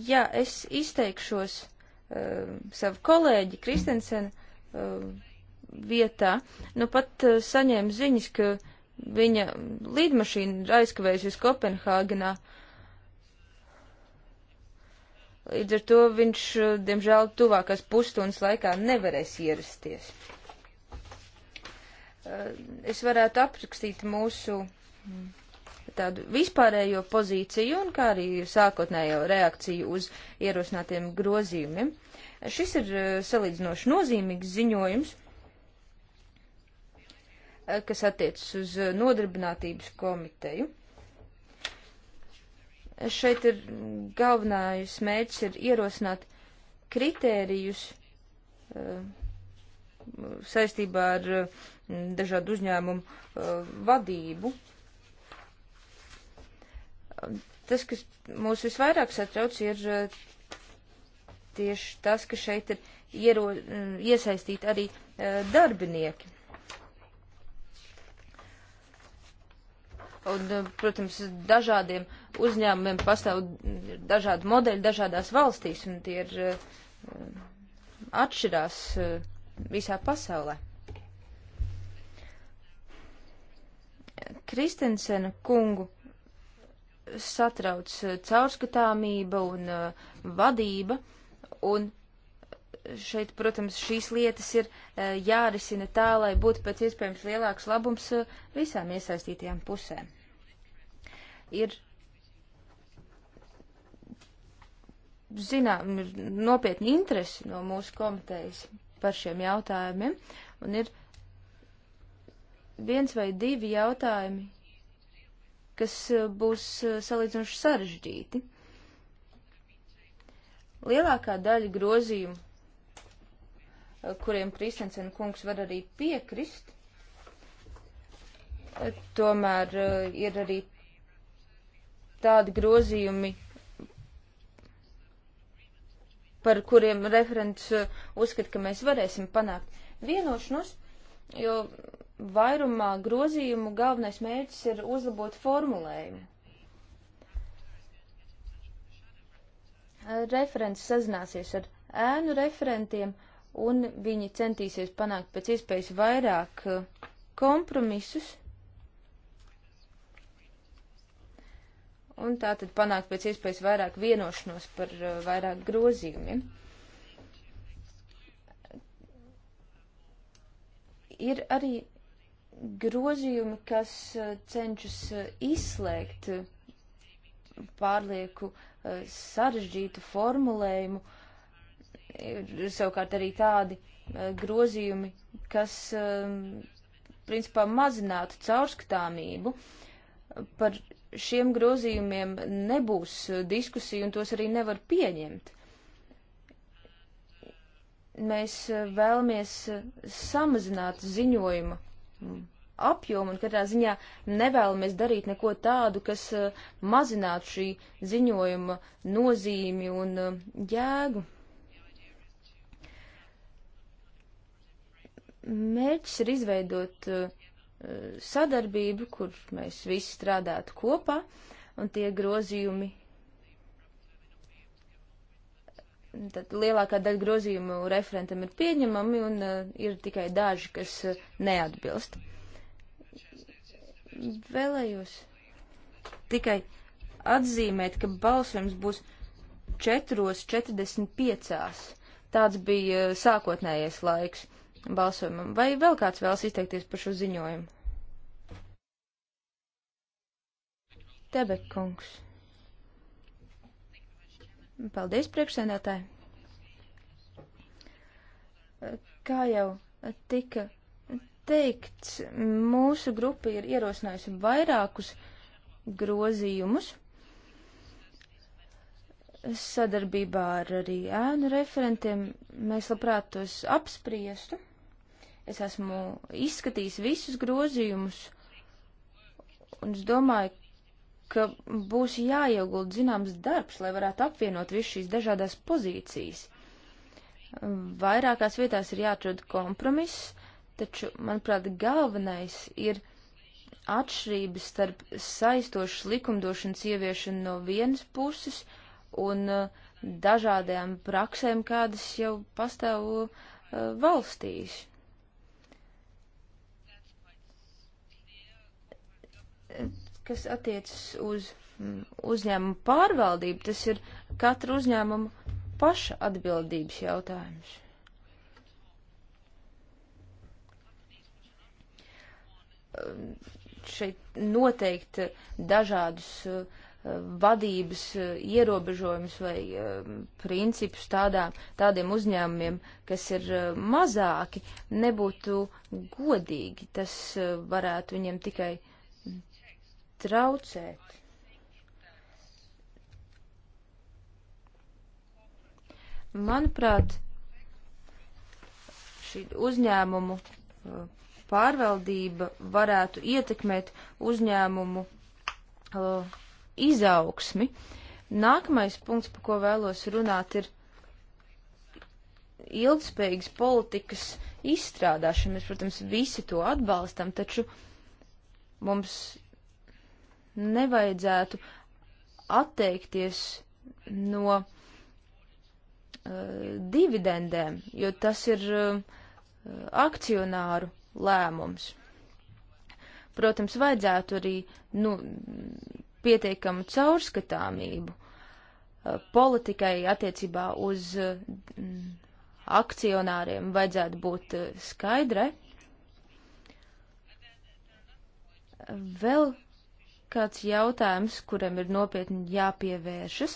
Jā, es izteikšos uh, savu kolēģi Kristensenu uh, um, vietā. Nu pat uh, saņēmu ziņas, ka viņa um, līdmašīna aizkavējusies Kopenhāgenā. Uh, Līdz ar to viņš, eh, diemžēl, tuvākās pusstundas laikā nevarēs ierasties. Eh, es varētu aprakstīt mūsu mm, tādu vispārējo pozīciju un kā arī sākotnējo reakciju uz ierosinātiem grozījumiem. Šis ir eh, salīdzinoši nozīmīgs ziņojums, kas attiecas uz nodarbinātības komiteju. Šeit ir galvenais mērķis ir ierosināt kritērijus eh, saistībā ar mm, dažādu uzņēmumu eh, vadību. Tas, kas mūs visvairāk satrauc, ir eh, tieši tas, ka šeit ir iero, mm, iesaistīti arī darbinieki. Un, protams, dažādiem uh, uzņēmumiem pastāv dažādi modeļi dažādās valstīs, un tie ir eh, atšķirās eh, visā pasaulē. Kristensena kungu satrauc eh, caurskatāmība un vadība, un šeit, protams, šīs lietas ir jārisina tā, lai būtu pēc iespējams lielāks labums visām iesaistītajām pusēm. Ir zinām, ir nopietni interesi no mūsu komitejas par šiem jautājumiem, un ir viens vai divi jautājumi, kas eh, būs eh, salīdzinoši sarežģīti. Lielākā daļa grozījumu, eh, kuriem Kristensen kungs var arī piekrist, tomēr ir arī tādi grozījumi, par kuriem referents uh, uzskata, ka mēs varēsim panākt vienošanos, jo vairumā grozījumu galvenais mērķis ir uzlabot formulējumu. Referents sazināsies ar ēnu referentiem, un viņi centīsies panākt pēc iespējas vairāk uh, kompromisus un tā tad panākt pēc iespējas vairāk vienošanos par uh, vairāk grozījumiem. Ir arī grozījumi, kas uh, cenšas uh, izslēgt uh, pārlieku uh, sarežģītu formulējumu. Ir savukārt arī tādi uh, grozījumi, kas um, principā mazinātu caurskatāmību par šiem grozījumiem nebūs diskusija un tos arī nevar pieņemt. Mēs vēlamies samazināt ziņojuma apjomu un katrā ziņā nevēlamies darīt neko tādu, kas uh, mazinātu šī ziņojuma nozīmi un uh, jēgu. Mērķis ir izveidot uh, Eh, sadarbību, kur mēs visi strādātu kopā, un tie grozījumi, tad lielākā daļa grozījumu referentam ir pieņemami, un uh, ir tikai daži, kas uh, neatbilst. Vēlējos tikai atzīmēt, ka balsojums būs 4.45. Tāds bija sākotnējais laiks balsojumam. Vai vēl kāds vēlas izteikties par šo ziņojumu? Tebek kungs. Paldies, priekšsēdētāji. Kā jau tika teikts, mūsu grupa ir ierosinājusi vairākus grozījumus sadarbībā ar arī ēnu referentiem. Mēs labprāt tos apspriestu. Es esmu izskatījis visus grozījumus, un es domāju, ka būs jāiegulda zināms darbs, lai varētu apvienot visu šīs dažādās pozīcijas. Vairākās vietās ir jāatrod kompromiss, taču, manuprāt, galvenais ir atšķirības starp saistošas likumdošanas ieviešanu no vienas puses un uh, dažādajām praksēm, kādas jau pastāv uh, valstīs. kas attiecas uz mm, uzņēmumu pārvaldību, tas ir katra uzņēmuma paša atbildības jautājums. Šeit noteikti dažādus eh, vadības eh, ierobežojumus vai eh, principus tādā, tādiem uzņēmumiem, kas ir mazāki, nebūtu godīgi. Tas varētu viņiem tikai uh, traucēt. Manuprāt, šī uzņēmumu uh, pārvaldība varētu ietekmēt uzņēmumu uh, izaugsmi. Nākamais punkts, par ko vēlos runāt, ir ilgspējīgas politikas izstrādāšana. Mēs, protams, visi to atbalstam, taču mums nevajadzētu atteikties no uh, dividendēm, jo tas ir uh, akcionāru lēmums. Protams, vajadzētu arī nu, pietiekamu caurskatāmību uh, politikai attiecībā uz uh, akcionāriem vajadzētu būt uh, skaidrai. Vēl kāds jautājums, kuram ir nopietni jāpievēršas.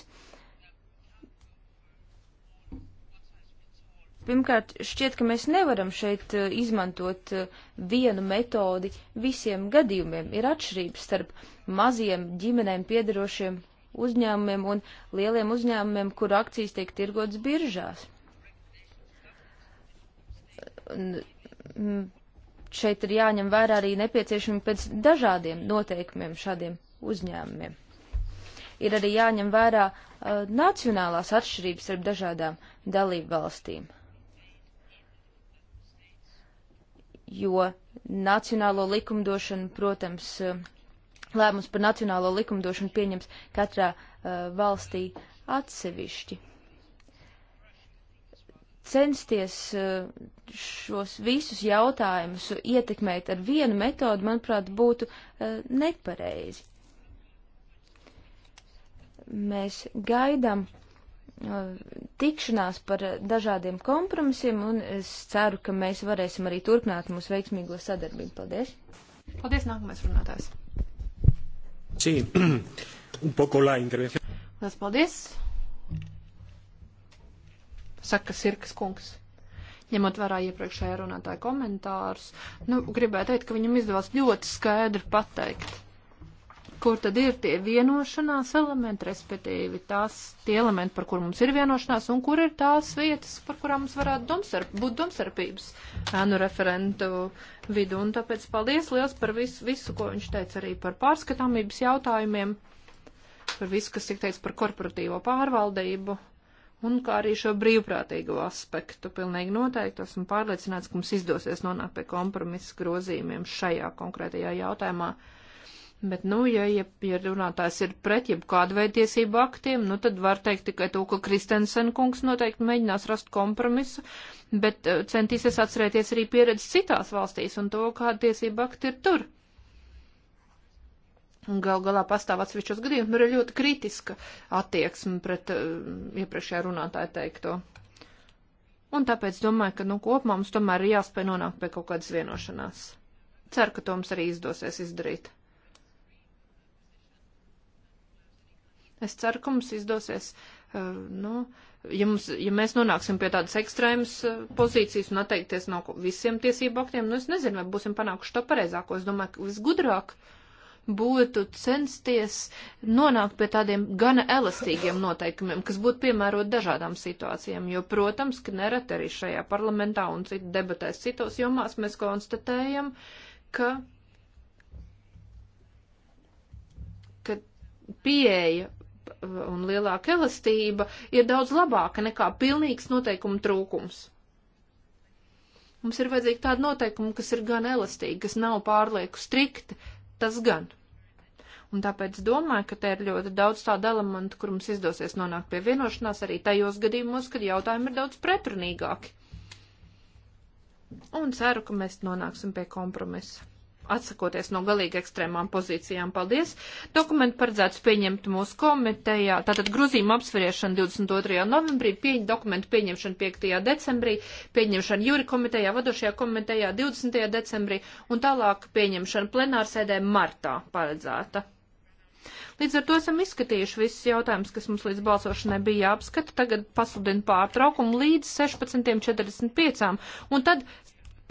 Pirmkārt, šķiet, ka mēs nevaram šeit eh, izmantot eh, vienu metodi visiem gadījumiem. Ir atšķirības starp maziem ģimenēm piedarošiem uzņēmumiem un lieliem uzņēmumiem, kur akcijas tiek tirgotas biržās šeit ir jāņem vērā arī nepieciešami pēc dažādiem noteikumiem šādiem uzņēmumiem. Ir arī jāņem vērā uh, nacionālās atšķirības starp dažādām dalību valstīm. Jo nacionālo likumdošanu, protams, uh, lēmums par nacionālo likumdošanu pieņems katrā uh, valstī atsevišķi censties eh, šos visus jautājumus ietekmēt ar vienu metodu, manuprāt, būtu eh, nepareizi. Mēs gaidām eh, tikšanās par dažādiem kompromisiem, un es ceru, ka mēs varēsim arī turpināt mūsu veiksmīgo sadarbību. Paldies! Paldies, nākamais runātājs! Sí, un poco la intervención. Paldies! saka Sirkas kungs. Ņemot vērā iepriekšējā runātāja komentārus, nu, gribēju teikt, ka viņam izdevās ļoti skaidri pateikt, kur tad ir tie vienošanās elementi, respektīvi tās tie elementi, par kur mums ir vienošanās, un kur ir tās vietas, par kurām mums varētu domsarp, būt domsarpības ēnu referentu vidu. Un tāpēc paldies liels par visu, visu, ko viņš teica arī par pārskatāmības jautājumiem, par visu, kas tiek teicis par korporatīvo pārvaldību un kā arī šo brīvprātīgo aspektu. Pilnīgi noteikti esmu pārliecināts, ka mums izdosies nonākt pie kompromisa grozījumiem šajā konkrētajā jautājumā. Bet, nu, ja, ja, ja runātājs ir pret jebkādu veidu tiesību aktiem, nu, tad var teikt tikai to, ka Kristensen kungs noteikti mēģinās rast kompromisu, bet eh, centīsies atcerēties arī pieredzi citās valstīs un to, kāda tiesība akti ir tur. Gal galā pastāv atsevišķos gadījumos, ir ļoti kritiska attieksme pret uh, iepriekšējā runātāja teikto. Un tāpēc domāju, ka, nu, kopumā mums tomēr ir jāspēj nonākt pie kaut kādas vienošanās. Ceru, ka to mums arī izdosies izdarīt. Es ceru, ka mums izdosies, uh, nu, ja, mums, ja mēs nonāksim pie tādas ekstrēmas uh, pozīcijas un atteikties no visiem tiesību aktiem, nu, es nezinu, vai būsim panākuši to pareizāko. Es domāju, ka visgudrāk. Uh, būtu censties nonākt pie tādiem gana elastīgiem noteikumiem, kas būtu piemērot dažādām situācijām, jo, protams, ka nerad arī šajā parlamentā un citu debatēs citos jomās mēs konstatējam, ka, ka pieeja un lielāka elastība ir daudz labāka nekā pilnīgs noteikumu trūkums. Mums ir vajadzīgi tādi noteikumi, kas ir gan elastīgi, kas nav pārlieku strikti, tas gan. Un tāpēc domāju, ka te ir ļoti daudz tādu elementu, kur mums izdosies nonākt pie vienošanās arī tajos gadījumos, kad jautājumi ir daudz pretrunīgāki. Un ceru, ka mēs nonāksim pie kompromisa. Atsakoties no galīgi ekstrēmām pozīcijām, paldies. Dokumentu paredzēts pieņemt mūsu komitejā. Tātad grozījuma apsveriešana 22. novembrī, pieņ, dokumentu pieņemšana 5. decembrī, pieņemšana jūri komitejā, vadošajā komitejā 20. decembrī un tālāk pieņemšana plenārsēdē martā paredzēta. Līdz ar to esam izskatījuši visus jautājumus, kas mums līdz balsošanai bija jāapskata. Tagad pasludinu pārtraukumu līdz 16.45. Un tad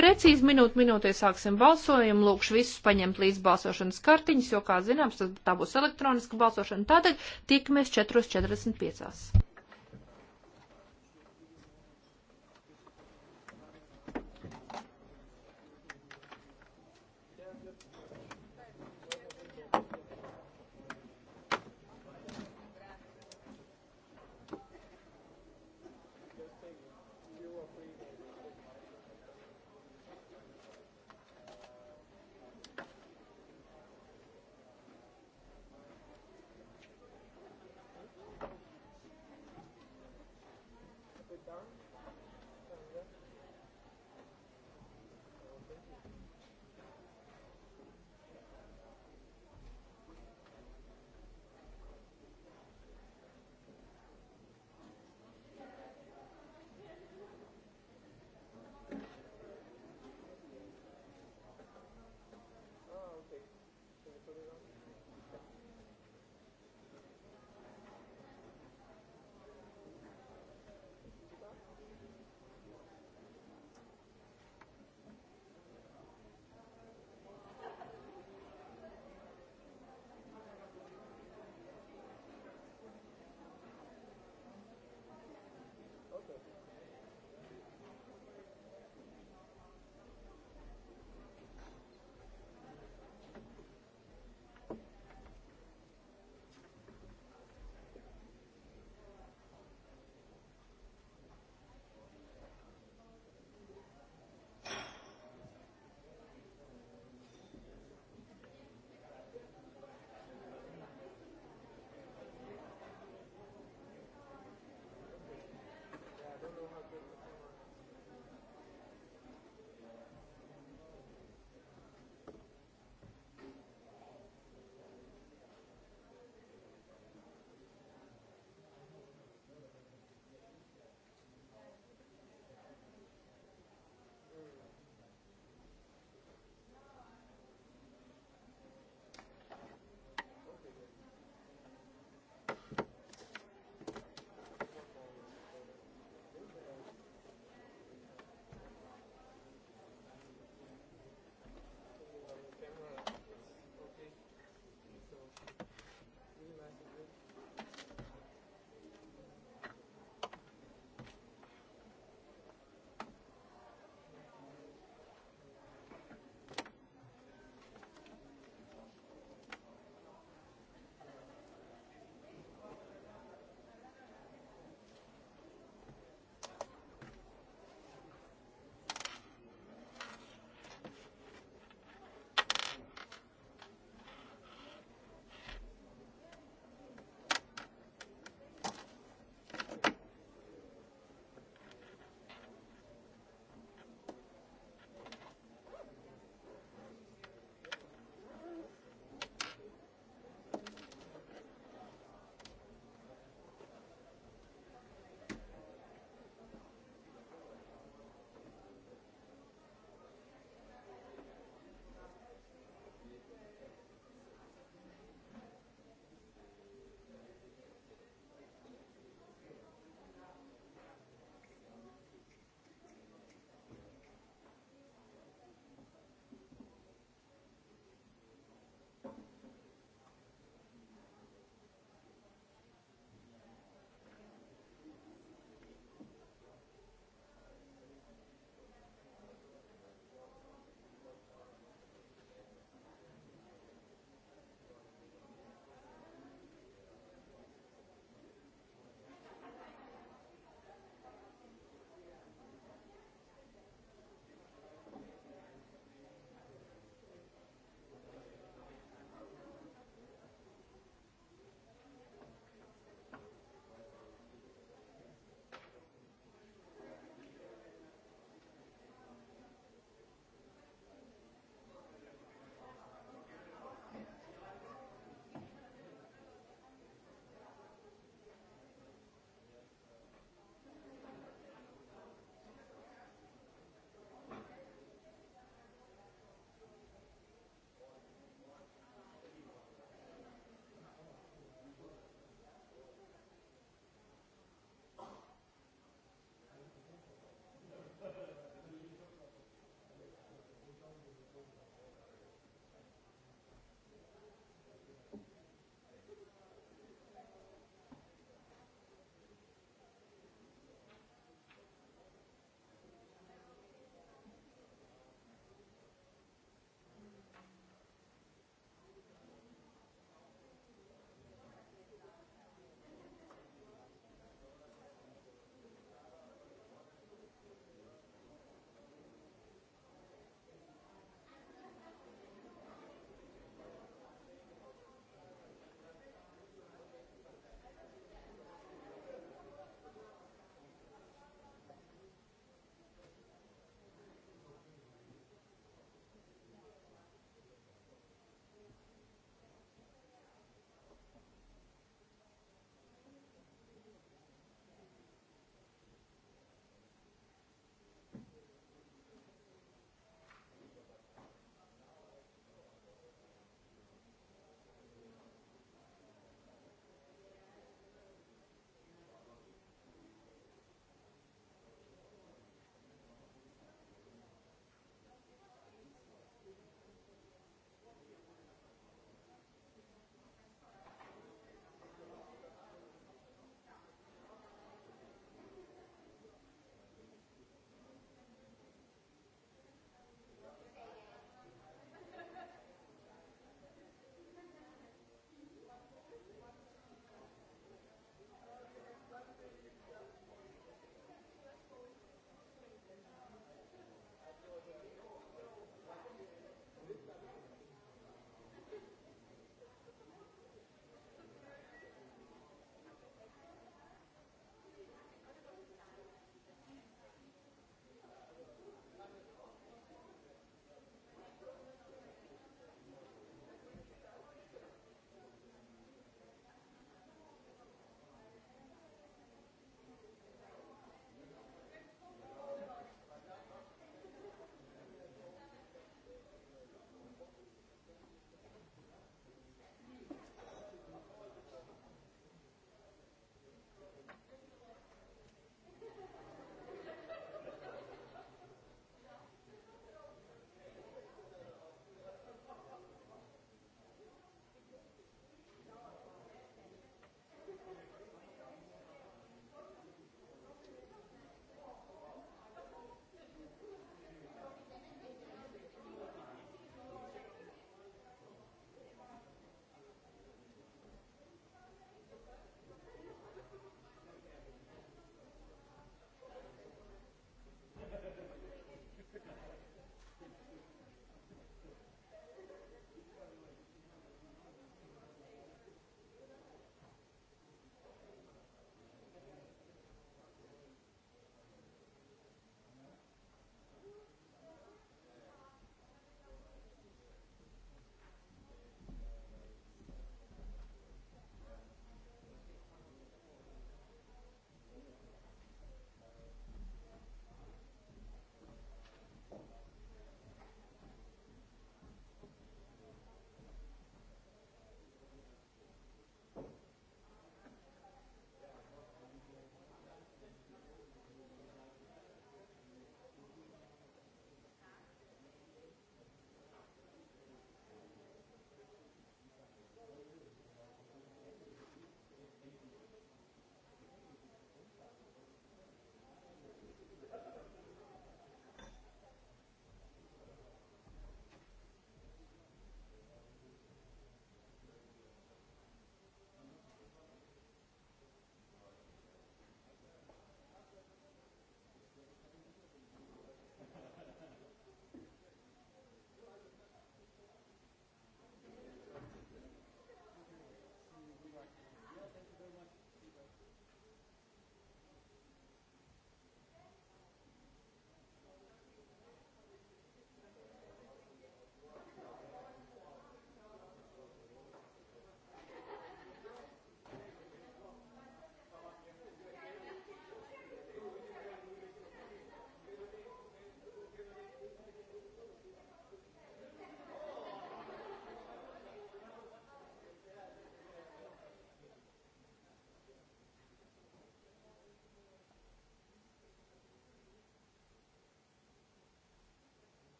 Precīzi minūti minūtē sāksim balsojumu, lūkšu visus paņemt līdz balsošanas kartiņas, jo, kā zināms, tas tā būs elektroniska balsošana. Tātad tiekamies 4.45.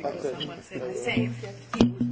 No. Someone said the same.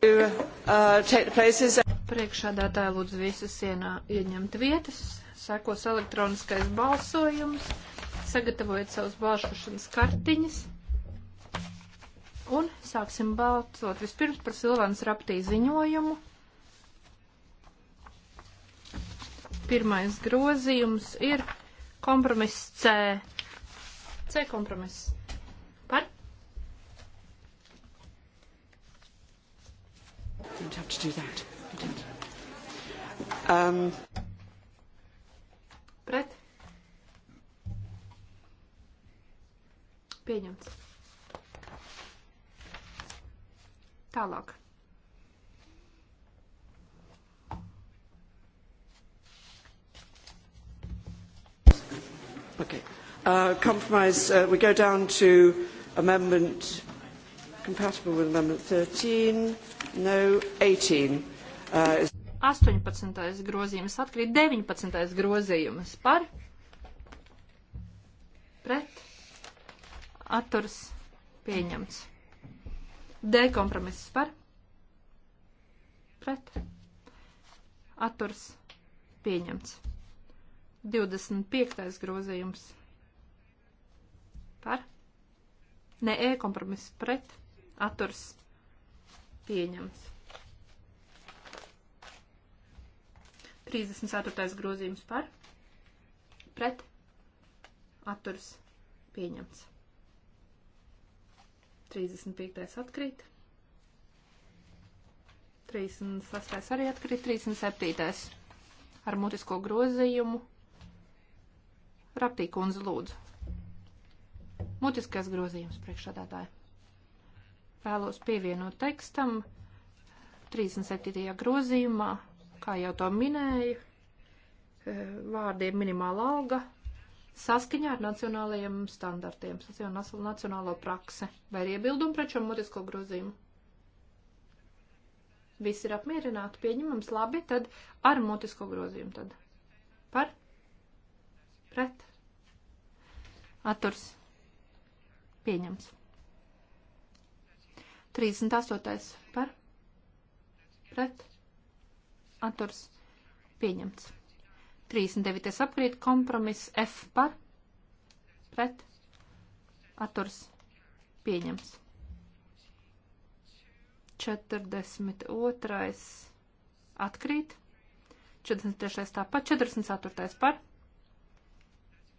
Uh, Priekšādātāja lūdzu visus ienā ieņemt vietas, sekos elektroniskais balsojums, sagatavojiet savus balsošanas kartiņas un sāksim balsot vispirms par Silvānas raptī ziņojumu. Pirmais grozījums ir kompromiss C. C kompromiss. to do that. I did. Um, Pret. Pieņemts. Tālāk. Okay. Uh, compromise, uh, we go down to amendment compatible with amendment 13. No 18. Uh, 18. grozījums atkrīt 19. grozījums par pret atturs pieņemts. D kompromiss par pret atturs pieņemts. 25. grozījums par ne E kompromiss pret atturs pieņemts pieņemts. 34. grozījums par, pret, atturs, pieņemts. 35. atkrīt. 36. arī atkrīt, 37. ar mutisko grozījumu. Raptīkundze lūdzu. Mutiskais grozījums priekšādātāji vēlos pievienot tekstam 37. grozījumā, kā jau to minēju, eh, vārdiem minimāla alga saskaņā ar nacionālajiem standartiem, saskaņā nacionālo praksi. Vai ir iebildumi pret šo mutisko grozījumu? Visi ir apmierināti, pieņemams, labi, tad ar mutisko grozījumu tad. Par? Pret? Aturs? Pieņems. 38. par pret atturs pieņemts. 39. apkrīt kompromiss F par pret atturs pieņemts. 42. atkrīt. 43. tāpat. 44. par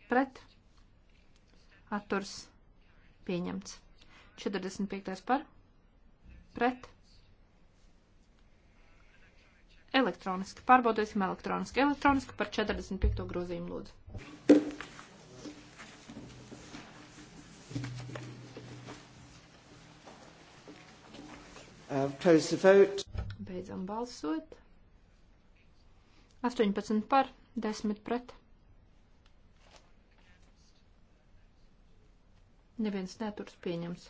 pret atturs pieņemts. 45. par pret pret. Elektroniski. Pārbaudīsim elektroniski. Elektroniski par 45. grozījumu lūdzu. Uh, close the vote. Beidzam balsot. 18 par, 10 pret. Neviens neturs pieņems.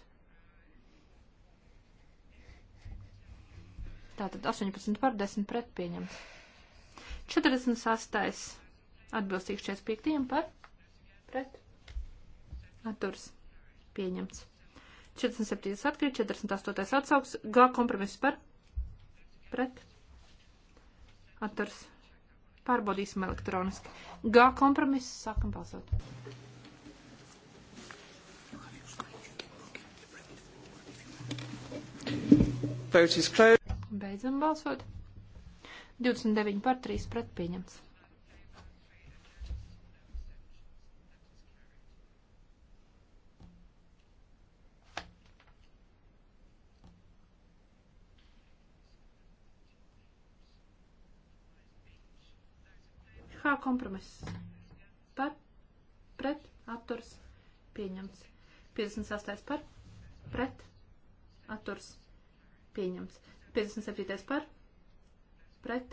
Tātad 18 par 10 pret pieņems. 46. Atbilstīgs 45 par pret. Atturs pieņemts. 47 atkrīt, 48 atsauks, G kompromiss par pret. Atturs. Pārbaudīsim elektroniski. G kompromiss, sākam balsot. Vote is closed. Beidzam balsot. 29 par 3 pret pieņemts. H kompromiss. Par, pret, atturs, pieņemts. 58 par, pret, atturs, pieņemts. 57. par, pret,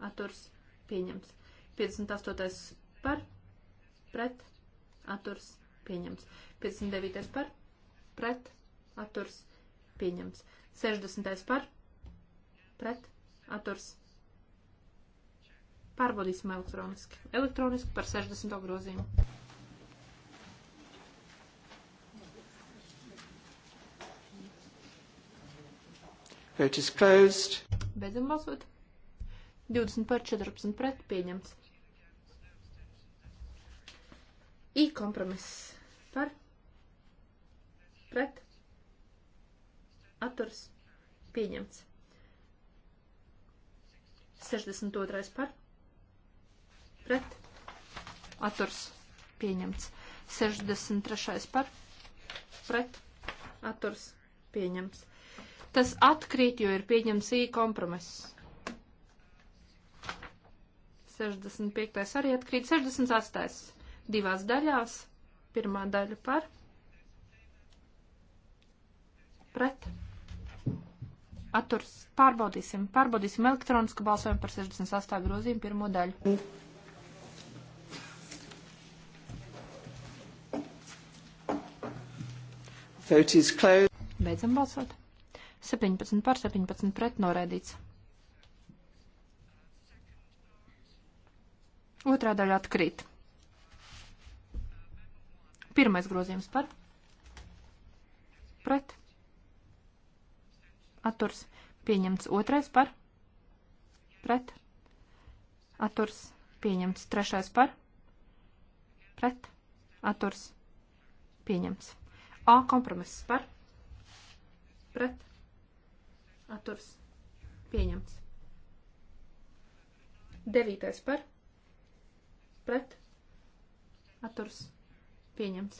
atturs, pieņems. 58. par, pret, atturs, pieņems. 59. par, pret, atturs, pieņems. 60. par, pret, atturs. Pārbaudīsim elektroniski. Elektroniski par 60. grozījumu. Vote is closed. Beidzam balsot. 20 par 14 pret pieņemts. I kompromiss par pret atturs pieņemts. 62 par pret atturs pieņemts. 63 par pret atturs pieņemts. Tas atkrīt, jo ir pieņems I kompromiss. 65. arī atkrīt. 68. divās daļās. Pirmā daļa par. Pret. Atturs. Pārbaudīsim. Pārbaudīsim elektronisku balsojumu par 68. grozījumu pirmo daļu. Vote is closed. Beidzam balsot. 17 par 17 pret noraidīts. Otrā daļa atkrīt. Pirmais grozījums par. Pret. Atturs. Pieņemts otrais par. Pret. Atturs. Pieņemts trešais par. Pret. Atturs. Pieņemts. A kompromiss par. Pret atturs pieņemts. Devītais par pret atturs pieņemts.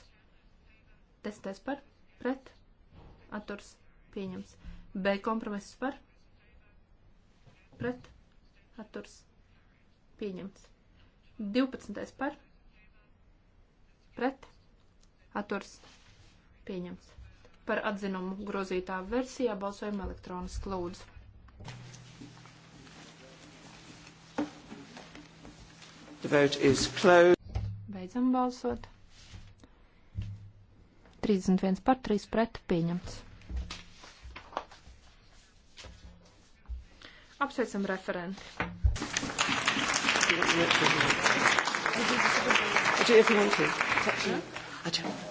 Desmitais par pret atturs pieņemts. B kompromiss par pret atturs pieņemts. 12. par pret atturs pieņemts par atzinumu grozītā versijā balsojam elektroniski lūdzu. The vote is closed. Beidzam balsot. 31 par 3 pret pieņemts. Apsveicam referenti. I do if you want to. It's up to you. I don't.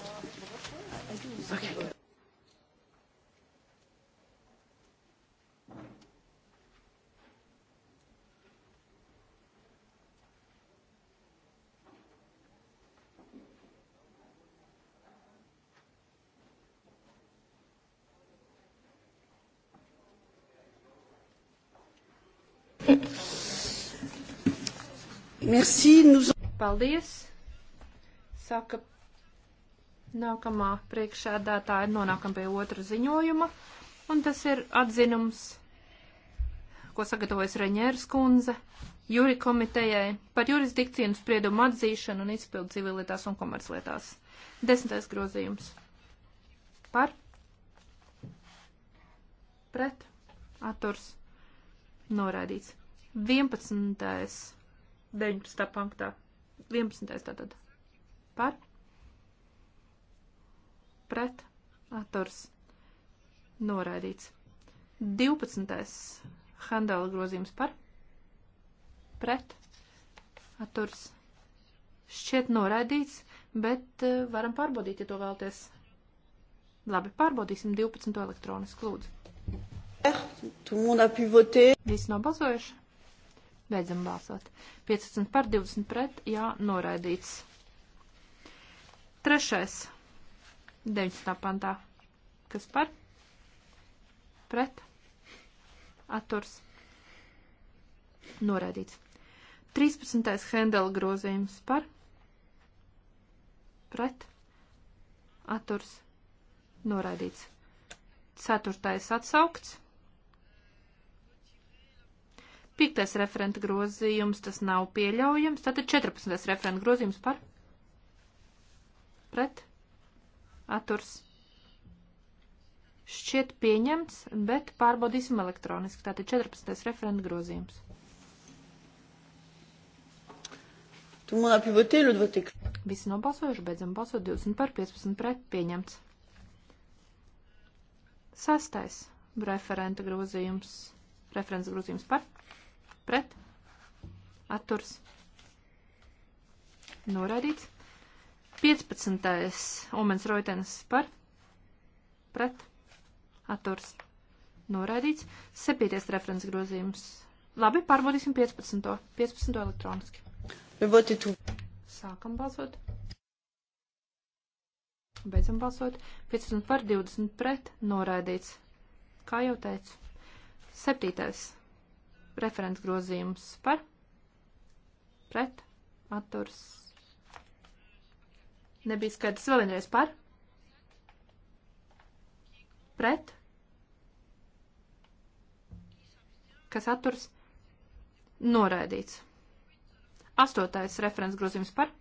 Merci, nous... Paldies! Saka nākamā priekšēdētāja, nonākam pie otra ziņojuma, un tas ir atzinums, ko sagatavojas Reņērs kundze jūri komitejai par jurisdikciju un spriedumu atzīšanu un izpildu civilietās un komerclietās. Desmitais grozījums. Par? Pret? Atturs? Noraidīts. 11. 19. punktā. 11. tātad. Par. Pret. Atturs. Noraidīts. 12. Handela grozījums par. Pret. Atturs. Šķiet noraidīts, bet eh, varam pārbaudīt, ja to vēlties. Labi, pārbaudīsim 12. elektronisku lūdzu. Visi nobalsojuši? Beidzam balsot. 15 par 20 pret, jā, noraidīts. Trešais. 19. pantā. Kas par? Pret. Atturs. Noraidīts. 13. Hendela grozījums par. Pret. Atturs. Noraidīts. 4. atsaukts. Piektais referenta grozījums, tas nav pieļaujams. Tātad 14. referenta grozījums par pret atturs. Šķiet pieņemts, bet pārbaudīsim elektroniski. Tātad 14. referenta grozījums. Tu man apjūti, Ludvotik. Visi nobalsojuši, beidzam balsot 20 par 15 pret pieņemts. Sastais referenta grozījums. Referents grozījums par pret, atturs, noraidīts. 15. Omens Roitenes par, pret, atturs, noraidīts. 7. referents grozījums. Labi, pārbaudīsim 15. 15. elektroniski. Votitu. Sākam balsot. Beidzam balsot. 15 par 20 pret, noraidīts. Kā jau teicu. 7. Referents grozījums par pret atturs. Nebija skaidrs vēl vienreiz par pret kas atturs noraidīts. Astotais referents grozījums par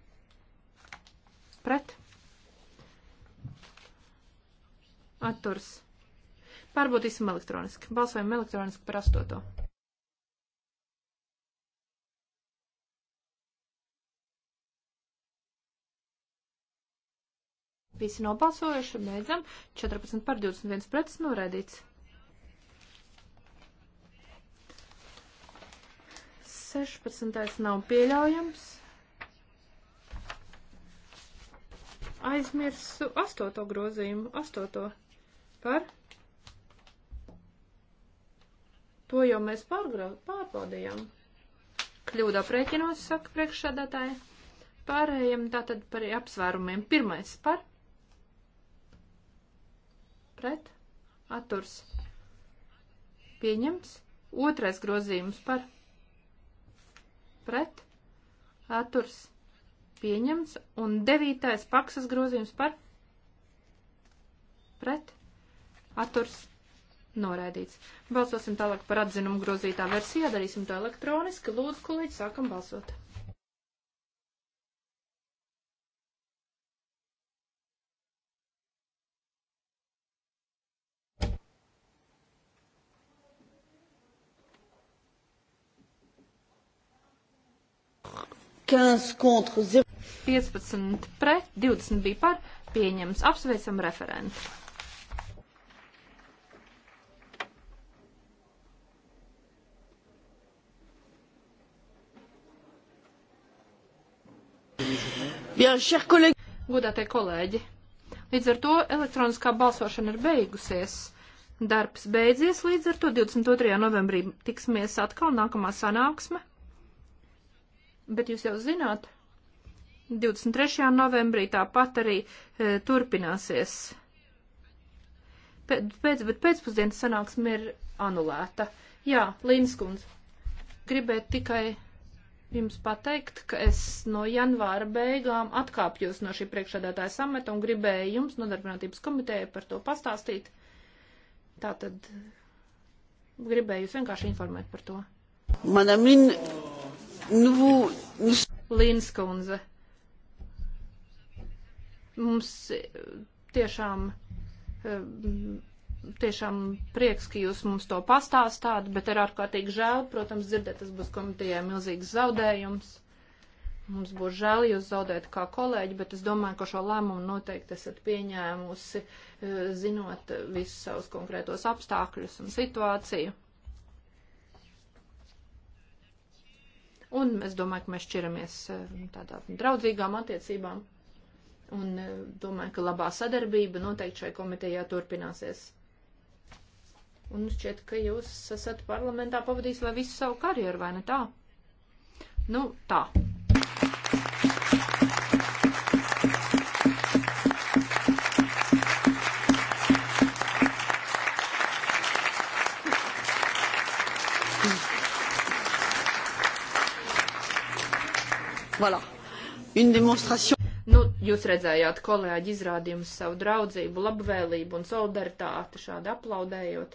pret atturs. Pārbaudīsim elektroniski. Balsojam elektroniski par astoto. Visi nobalsojuši, beidzam. 14 par 21 pretis noraidīts. 16. nav pieļaujams. Aizmirsu 8. grozījumu. 8. par. To jau mēs pārgrau, pārbaudījām. Kļūdā prēķinos, saka priekšsādātāja. Pārējiem tātad par apsvērumiem. Pirmais par pret, atturs pieņemts. Otrais grozījums par pret, atturs pieņemts. Un devītais paksas grozījums par pret, atturs noraidīts. Balsosim tālāk par atzinumu grozītā versijā, darīsim to elektroniski. Lūdzu, kolēģi, sākam balsot. 15 contre 0. 15 pret, 20 bija par, pieņems. Apsveicam referentu. Godātie kolēģi, līdz ar to elektroniskā balsošana ir beigusies. Darbs beidzies, līdz ar to 22. novembrī tiksimies atkal nākamā sanāksme. Bet jūs jau zināt, 23. novembrī tāpat arī e, turpināsies. Pēc, pēc, bet pēcpusdienas sanāksme ir anulēta. Jā, Līnskundz, gribētu tikai jums pateikt, ka es no janvāra beigām atkāpjos no šī priekšādātāja sameta un gribēju jums nodarbinātības komiteja par to pastāstīt. Tātad gribēju jūs vienkārši informēt par to. Manam in Nu, nu... Līnas kundze. Mums eh, tiešām eh, tiešām prieks, ka jūs mums to pastāstāt, bet ir ārkārtīgi žēl, protams, dzirdēt, tas būs komitejai milzīgs zaudējums. Mums būs žēl jūs zaudēt kā kolēģi, bet es domāju, ka šo lēmumu noteikti esat pieņēmusi, eh, zinot visus savus konkrētos apstākļus un situāciju. Un es domāju, ka mēs šķiramies e, tādām draudzīgām attiecībām. Un e, domāju, ka labā sadarbība noteikti šai komitejā turpināsies. Un šķiet, ka jūs esat parlamentā pavadījis vai visu savu karjeru, vai ne tā? Nu, tā. Voilà. Une démonstration. Nu, jūs redzējāt, kolēģi izrādīja mums savu draudzību, labvēlību un solidaritāti šādi aplaudējot.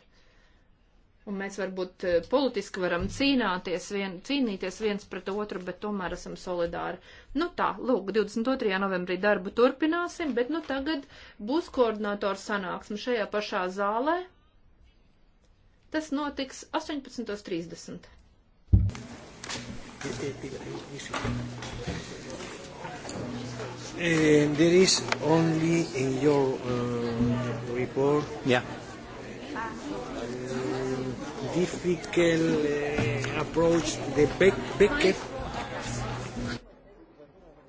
Un mēs varbūt eh, politiski varam cīnāties, vien, cīnīties viens pret otru, bet tomēr esam solidāri. Nu tā, lūk, 22. novembrī darbu turpināsim, bet nu tagad būs koordinātora sanāksme šajā pašā zālē. Tas notiks 18.30. Uh, there is only in your uh, report yeah. uh, difficult uh, approach the Beck Beckett